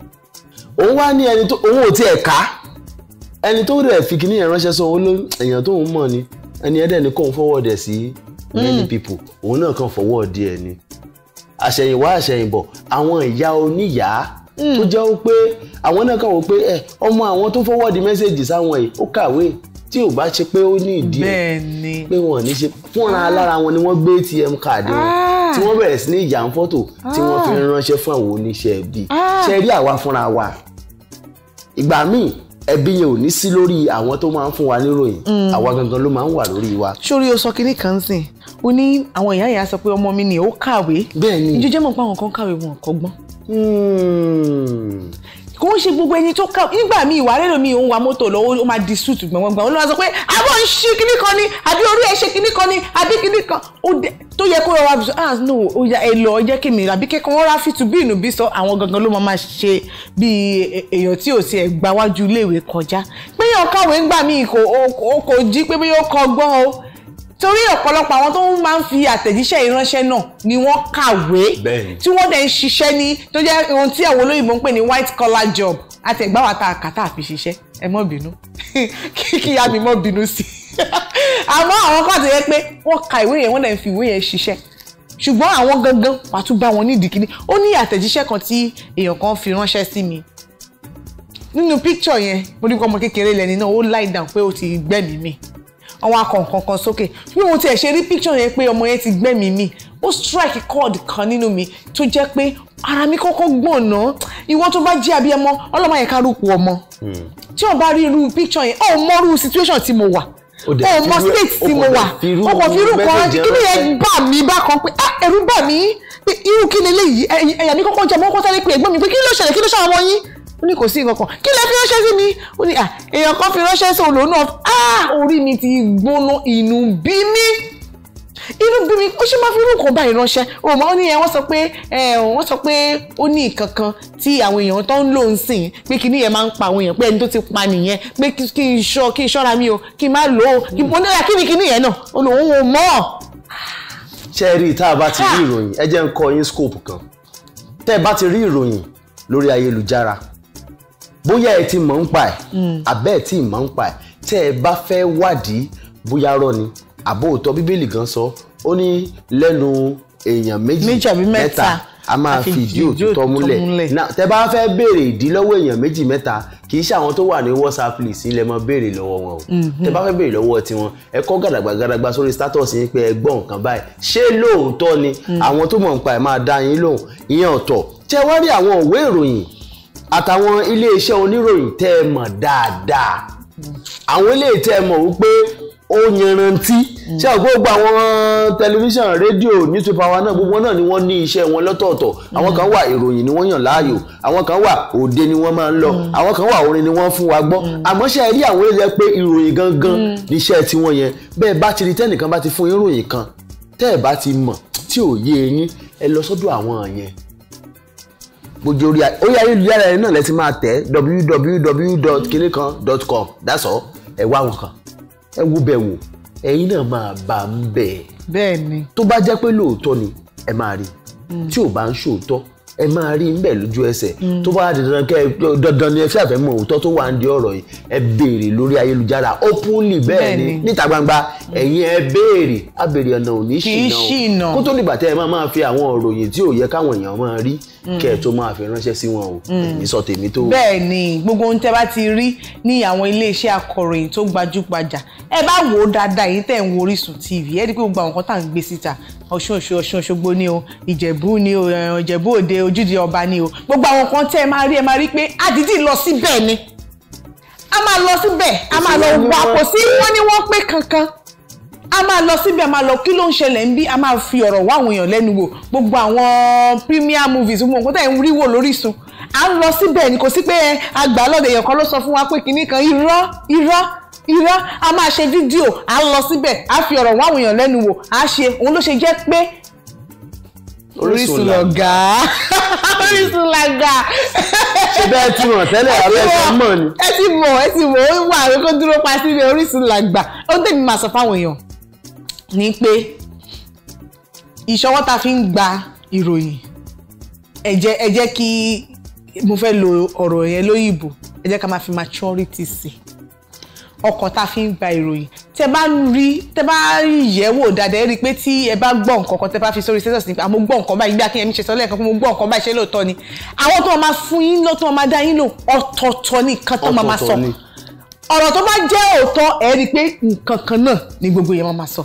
òun wá ní ẹni tó òun ò tiẹ̀ ká ẹni tó rẹ̀ fi kíní yẹn ránṣẹ́ sọ òun ló èèyàn tóun mọ̀ ni ẹni ẹ̀dẹ̀ ni kóun forward ẹ̀ sí many hmm. people òun náà kàn forward ẹ̀ ni àṣẹ̀yìnwá àṣẹ̀yìnbọ̀ àwọn ìyá oníyàá hmm. tó jẹ́ pé àwọn náà kàn wọ́n pé ẹ eh, ọmọ àwọn tó forward message sáwọn yìí ó kàwé tí ò bá ṣe pé ó ní ìdí ẹ̀ pé wọ́n ní ṣe fúnra alára ah. wọn ni wọ́n gbé ATM card wọn ah. tí wọ́n bẹ̀rẹ̀ sí ní ìyá ń fọ́tò tí wọ́n fi ah. ránṣẹ́ fún àwọn oníṣẹ́ ẹbí ṣe rí àwa fúnra wa ìgbà míì ẹbí yẹn ò ní sí lórí àwọn tó máa ń fún wa níròyìn mm. àwa gangan ló máa ń wà lórí wa. sórí o sọ kinní kan sìn o ní àwọn ìyá ìyá sọ pé ọmọ mi ni ó kàwé bẹ́ẹ̀ ni ìjọjẹ́ mọ̀ pé àwọn kan kàwé wọn kò kò ń ṣe gbogbo ẹni tó kà nígbà míì ìwà rẹ̀ lómi òun wa mọ́tò lọ ó máa di suit gbọ̀ngbọ̀n ó lọ́wọ́ sọ pé àbọ̀ ń ṣí kinní kan ni àbí orí ẹ̀ ṣe kinní kan ni àbí kinní kan tó yẹ kó rọra bìsọ ah no ó yà ẹ lọ jẹ́ kí mi àbí kẹ́kọ̀ọ́ wọn ráfi tù bí ìnù bí sọ àwọn gangan ló máa ṣe bí e-, èèyàn tí ò tiẹ̀ gbáwájú iléèwé kọjá pé yàn káwé ńgbà míì kò jí pé bí yóò kọ gbọ́n o torí ọ̀pọ̀lọpọ̀ àwọn tó ń máa ń fi àtẹ̀jíṣẹ́ ìránṣẹ́ náà ni wọ́n kàwé tí wọ́n dẹ̀ ń ṣiṣẹ́ ní tó jẹ́ ohun tí àwọn olóyìnbó ń pè ní white collar job àti ẹ̀gbá wa ta àkàtà àfi ṣiṣẹ́ ẹ mọ́ bínú (laughs) kí ya mi mọ́ bínú sí i (laughs) àmọ́ àwọn kan àti yẹ pé wọ́n ka ìwé yẹn wọ́n dẹ̀ ń fi ìwé yẹn ṣiṣẹ́ ṣùgbọ́n àwọn gangan wàá tún bá wọn nídìí kíní ó ní àtẹ̀jíṣẹ́ kan tí èèyàn kan fi ránṣẹ́ sí mi nínú picture yẹn mo ní kọ́ ọmọ kékeré lẹ́ni náà ó lie down pé ó ti gbẹ́mìí mi àwọn akọ̀ǹkan kan sókè bí mo tiẹ̀ ṣe rí picture yẹn pé ọmọ yẹn ti gbẹ́mìí mi ó strike chord kan nínú mi tó jẹ́ pé ara mi kọ́kọ́ gbọ̀n ná ìwọ tó bá jẹ́ abiyamọ ọlọ́mọ yẹn ká rúkú ọmọ hmm. tí o bá rí irú picture yẹn ó mọ irú situation tí mo wà ó mọ state tí mo wà ó kàn fi irú kan kí ni yẹn bà mí bákan pé ah, ẹ̀rù bà mí irú kí ni eléyìí ẹ̀yà mi kọ́kọ́ jẹ́ ọmọ kọ́tà lé pé ẹ̀gbọ́n mi pé kí ló ṣẹlẹ̀ kí ló ṣàwọn yín ó ní kò sí nǹkan kan kí lẹ fi ránṣẹ́ sí mi ó ní èèyàn kan fi ránṣẹ́ sí òun náà ah orí mi ti gbóná inú bí mi inú bí mi ó ṣe máa fi irú nǹkan báyìí ránṣẹ́ òun máa ń ní ẹ wọ́n sọ pé ẹ wọ́n sọ pé ó ní nǹkan kan tí àwọn èèyàn tó ń lò ń sìn pé kí nìyẹn máa ń pa àwọn èèyàn pé ẹni tó ti pa nìyẹn pé kí n ṣọ kí n ṣọ́ra mi o kí n má lò ó kí n bọ́ nílẹ̀ kí ni kí nìyẹn náà olùwọ́n ò mọ̀. ṣé ẹ rí i tá a bá ti rí ah. ìròyìn ẹ jẹ́ ń kọ yín scope kan tẹ́ ẹ bá ti rí ìròyìn lórí ayélujára bóyá ẹ ti mọ̀ ń pa ẹ̀ mm. àbẹ́ ẹ ti mọ̀ ń pa ẹ̀ tẹ́ ẹ bá fẹ́ wádìí bóyá rọ́ ni àbóòtọ́ bíbélì gan sọ ó ní lẹ́nu èèyàn méjì mẹ́ta a máa fi ìdí òtítọ́ múlẹ̀ tẹ́ bá fẹ́ béèrè ìdí lọ́wọ́ èèyàn méjì mẹ́ta kì í ṣe àwọn tó wà ní whatsapp list ilẹ̀ mọ́ béèrè lọ́wọ́ wọn o mm-hmm. tẹ́ bá fẹ́ béèrè lọ́wọ́ tiwọn ẹ kọ́ gàdàgbà gàdàgbà sórí status yín pé ẹ gbọ́ nǹkan báyìí ṣé lóòótọ́ ni mm. àwọn tó mọ̀ nípa ẹ̀ máa dá yín lóhùn ìyẹn ọ̀tọ̀ tẹ́ wá rí àwọn òwe ìròyìn àtàwọn iléeṣẹ́ oníròyìn tẹ́ ẹ mọ̀ dáadáa àwọn iléeṣẹ́ tẹ́ ẹ mọ̀ wípé ó yanrantí mm. ṣé àwọn gbogbo àwọn tẹlifíṣàn rédíò newspaper wa náà gbogbo náà ni wọ́n ní iṣẹ́ wọn lọ́tọ̀ọ̀tọ̀ àwọn mm. kan wà ìròyìn ni wọ́n yàn láàyò àwọn kan wà òde ni wọ́n máa ń lọ mm. àwọn kan wà orin ni wọ́n fún wa gbọ́ àmọ́ ṣe rí àwọn ilé pé ìròyìn gangan níṣẹ́ tiwọn yẹn bẹ́ẹ̀ bá ti rí tẹ́nìkan bá ti fún ìròyìn kan tẹ́ ẹ̀ bá ti mọ̀ tí ò yé eyín ẹ lọ sọ́dọ̀ àwọn yẹn gbogbo orí orí ayélujára yẹn náà lẹ́sìn máa tẹ̀ www.kinikan.com that's all ẹ wá wọn kan ẹ wo bẹ̀ wò ẹ̀yin náà máa bá ń bẹ̀. bẹ́ẹ̀ ni. tó bá jẹ́ pé lóòótọ́ ni ẹ máa rí hmm. tí ò bá ń ṣòótọ́ ẹ máa rí ń bẹ̀ lójú ẹsẹ̀ mm. tó bá dandan kẹ dandan ni ẹ fi àfẹ́ mọ òótọ́ tó wà ń di ọ̀rọ̀ yìí ẹ béèrè lórí ayélujára openly bẹ́ẹ̀ ni níta gbangba ẹ̀yin ẹ béèrè abèrè ọ̀nà ò ṣìnà o kó tó dìgbà tẹ́ ẹ máa máa fi àwọn òròyìn tí ò yẹ káwọn èèyàn máa rí mm. kẹ́ ẹ tó máa fi ránṣẹ́ sí wọn o èmi mm. sọ tèmi tó. bẹ́ẹ̀ ni gbogbo ohun tẹ́ bá ti rí ní àwọn iléeṣẹ́ akọ̀ròyìn tó gbajúgbajà ẹ bá wò ó dáadáa èyí tẹ́ ń wo Orísun TV ẹ rí i pé gbogbo àwọn kan tá à ń gbé síta ọ̀ṣun ọ̀ṣun ọ̀ṣun ṣogbo ni o ìjẹ̀bú ni o eh, ìjẹ̀bú òde ojúde ọba ni o gbogbo àwọn kan tẹ́ ẹ máa rí ẹ máa rí pé àdídì lọ síbẹ̀ ni a máa lọ síbẹ̀ a máa lọ wà kò sí wọ́n ní wọ́n pé kankan a máa lọ síbẹ̀ a máa lọ kí ló ń ṣẹlẹ̀ ń bí a máa fi ọ̀rọ̀ wá àwọn èèyàn lẹ́nu wò gbogbo àwọn premier movies gbogbo nǹkan tẹ̀ ń rí wò lórí Orísun à ń lọ síbẹ̀ ni kò sí pé eh, àgbà wa pé kinní kan irọ́ irọ́ irọ́ a máa ṣe fídíò à ń lọ síbẹ̀ à fi ọ̀rọ̀ wá àwọn èèyàn lẹ́nu wò à ṣe òun ló ṣe jẹ́ pé Orísun lọ̀gá (laughs) Orísun lọ̀gá. ṣé bẹ́ẹ̀ ti mọ̀ tẹ́lẹ̀ àbẹ́ ẹ̀ ti mọ̀ ni. ẹ ti mọ̀ ẹ ti mọ̀ ó wà àròkó dúró pa sílẹ̀ Orísun làgbà ó ń tẹ̀mí máa sọ fáwọn èèyàn ní pé ìṣọwọ́ ta fi ń gba ìròyìn ẹ jẹ́ ẹ jẹ́ kí mo fẹ́ lo ọ̀rọ̀ yẹn lóyìnbó ẹ ká máa fi maturity sí i ọkàn tá a fi ń gba ìròyìn tẹ bá rí tẹ bá yẹ̀wò dáadáa ẹ rí i pé tí ẹ bá gbọ́ nǹkan kan tẹ bá fi sórí status nípa àmọ́ gbọ́ nǹkan báyìí gbé akínyẹmí ṣe sọ lẹ́ẹ̀kan pé mo gbọ́ nǹkan báyìí ṣe lóòótọ́ ni àwọn tó máa fún yín lọ tó máa dá yín lò ọ̀tọ̀ọ̀tọ̀ ní nǹkan tó máa sọ ọ̀rọ̀ tó bá jẹ́ òótọ́ ẹ rí i pé nǹkan kan náà ni gbogbo yẹn máa sọ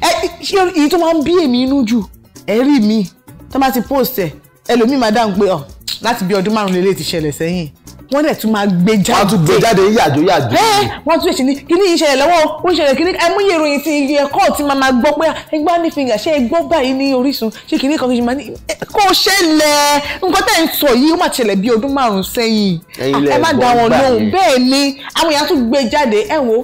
èyí tó máa ń bí èmi inú jù ẹ rí mi tó bá ti post ẹ ẹlòmíì máa dáhùn pé ọ láti bí ọdún márùn lélẹ́ẹ̀ ti ṣẹlẹ̀ sẹ́yìn wọ́n dẹ̀ tún máa gbé jáde. wọ́n tún gbé jáde yíyàjó yàjó. ẹ wọ́n tún ṣe ní kíní ìṣẹ̀lẹ̀ lọ́wọ́ ó ṣẹlẹ̀ kíní ẹmúyẹ ìròyìn ti iye ẹ̀kọ́ ti máa máa gbọ́ pé ah, ẹgbẹ́ ní fìngà ṣé gbọ́ báyìí ní Orísun ṣé kíní kan kìí máa ní kó ṣẹlẹ̀ nǹkan tẹ̀ ń sọ yìí ó máa ṣẹlẹ̀ bí ọdún márùn-ún sẹ́yìn ah, ẹ má dá wọn lóhùn bẹ́ẹ̀ ni àwọn èèyàn tún gbé jáde ẹ wo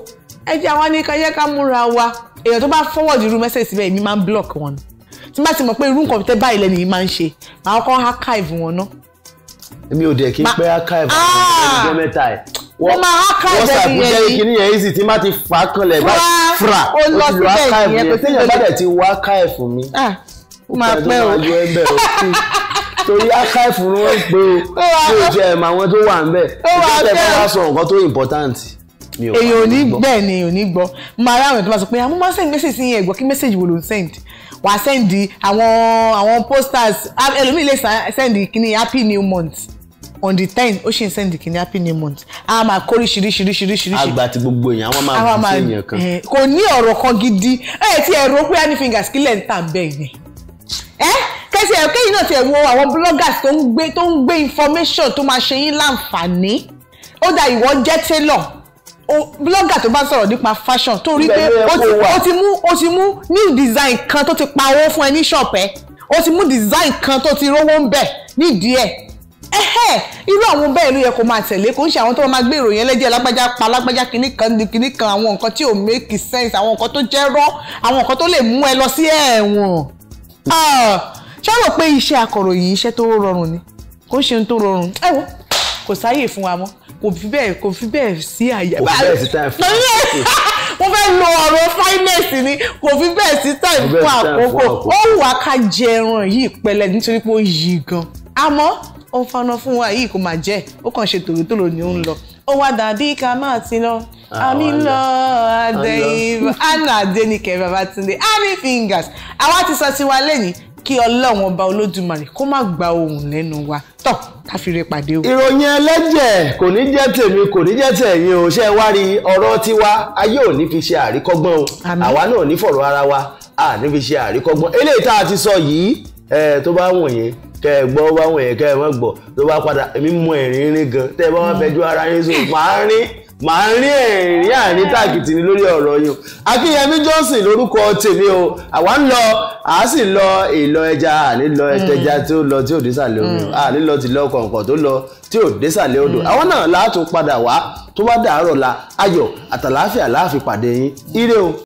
ẹ jẹ́ àwọn ní káyẹ́ ká múra wa èèyàn tó bá forward irú message síbẹ̀ èmi máa ń block wọn tí má ti mọ̀ pé irú nǹkan tẹ́ báyìí lẹ́nu yìí máa ń ṣe màá kọ́ archive wọn náà èmi ò dẹ̀ kí n pẹ́ archive àwọn ah! ọjọ́ mẹ́ta ẹ̀ wọ́n máa archive ẹ̀yẹ yìí wọ́n sàbùjẹ́ ìkíní yẹn easy tí má ti fà á kanlẹ̀ bá fura ó ti lo archive yẹn pé téèyàn bá dẹ̀ ti wọ archive mi ah, ó máa pẹ́ o torí archive ni wọ́n pe o yóò jẹ́ ẹ̀mọ àwọn tó wà ń bẹ̀ ìjọba ẹ̀ bá sọ nǹkan tó important èyàn ò ní bẹ́ẹ̀ ni ò ní gbọ́ máa ráwọn ètò máa sọ pé àwọn máa send message sí yẹn ẹ̀gbọ́n kí message wo ló ń send wà á sẹ́ndì àwọn àwọn posters ah, ẹlòmíì lè sẹ́ndì kíní happy new month on the ten ó ṣe ń sẹ́ndì kíní happy new month a máa kó ríṣiríṣiríṣiríṣi. àgbà àti gbogbo èèyàn àwọn máa fi sí èèyàn kan. kò ní ọ̀rọ̀ kan gidi ẹ ti ẹ̀rọ pé any fingers kílẹ̀ ń tà bẹ́ẹ̀ yẹn. ẹ kẹsì ẹ kéyìn náà ti ẹ wo àwọn bloggers tó ń gbé tó ń gbé information tó máa ṣe yín láǹfààní ó dà ìwọ jẹ́ tailor blogger tó bá sọ̀rọ̀ nípa fashion tó rí pé ó ti mú ó ti mú new design kan tó ti pa owó fún ẹ ní shop ẹ ti mú design kan tó ti rówó ń bẹ̀ nídìí ẹ̀ ẹ̀hẹ́ irú àwọn bẹ́ẹ̀ ló yẹ kó máa tẹ̀lé kó ń ṣe àwọn tó máa gbé ìròyìn ẹlẹ́jẹ̀ lágbájá pa lágbájá kìíní kan ní kìíní kan àwọn nǹkan tí ò make sense àwọn nǹkan tó jẹ́ rọ́ àwọn nǹkan tó lè mú ẹ lọ sí ẹ̀wọ̀n ṣé rò pé iṣẹ́ akọ̀ròyìn iṣẹ́ tó rọrùn ni kó ń ṣe ohun tó rọrùn ẹ wo kò sáyè fún wa mọ́ kò fi bẹ́ẹ̀ kò fi bẹ́ẹ̀ sí àyè. kò fi bẹ́ẹ̀ sí time fún àkókò. (laughs) mo fẹ́ lo ọ̀rọ̀ finance ni kò fi bẹ́ẹ̀ sí time fún àkókò ó wà ká jẹ ẹran yìí pẹ̀lẹ́ nítorí pé ó yí gan àmọ́ ó ń faná fún wa yìí kò máa jẹ́ ó kàn ṣe tòrótòrò ni ó ń lọ ó wá dàbí ká máa ti lọ ah, àmì lọ àdéhìn anna adéníkẹ babatunde army fingers àwa ti sọ tiwa lẹ́yìn kí ọlọ́run ọba olódùmarè kó má gba ohùn lẹ́nu wa tọ̀ ká fi re pàdé o. ìròyìn ẹlẹ́jẹ̀ kò ní jẹ́ tèmi kò ní jẹ́ tẹ̀yin o ṣé wá rí ọ̀rọ̀ tiwa ayé ò ní fi ṣe àríkọ́gbọ́n o àwa náà ò ní fọ̀rọ̀ ara wa à ní fi ṣe àríkọ́gbọ́n eléyìí tá a ti sọ yìí tó bá wọ̀n yẹn kẹ ẹ gbọ́ bá wọ̀n yẹn kẹ ẹ má gbọ́ tó bá padà èmi mọ ẹ̀rín rín gan tẹ́ ẹ bá wà mm. fẹjú ara yín sùn máa rín màá rí ẹ̀rín àárín tàkìtì ni lórí ọ̀rọ̀ yìí Akínyẹmí Johnson lórúkọ tèmi o àwa ń lọ àá sì lọ ìlọ ẹja àní lọ ẹtẹja hmm. tí ó lọ tí ò désàlẹ̀ odò àní hmm. lọ tìlọ kọ̀ǹkọ̀ tó lọ tí ò désàlẹ̀ odò hmm. àwọn náà láà tún padà wá tó bá dàárọ̀ la ayọ̀ àtàlàáfíà láàfin pàdé yín ire o.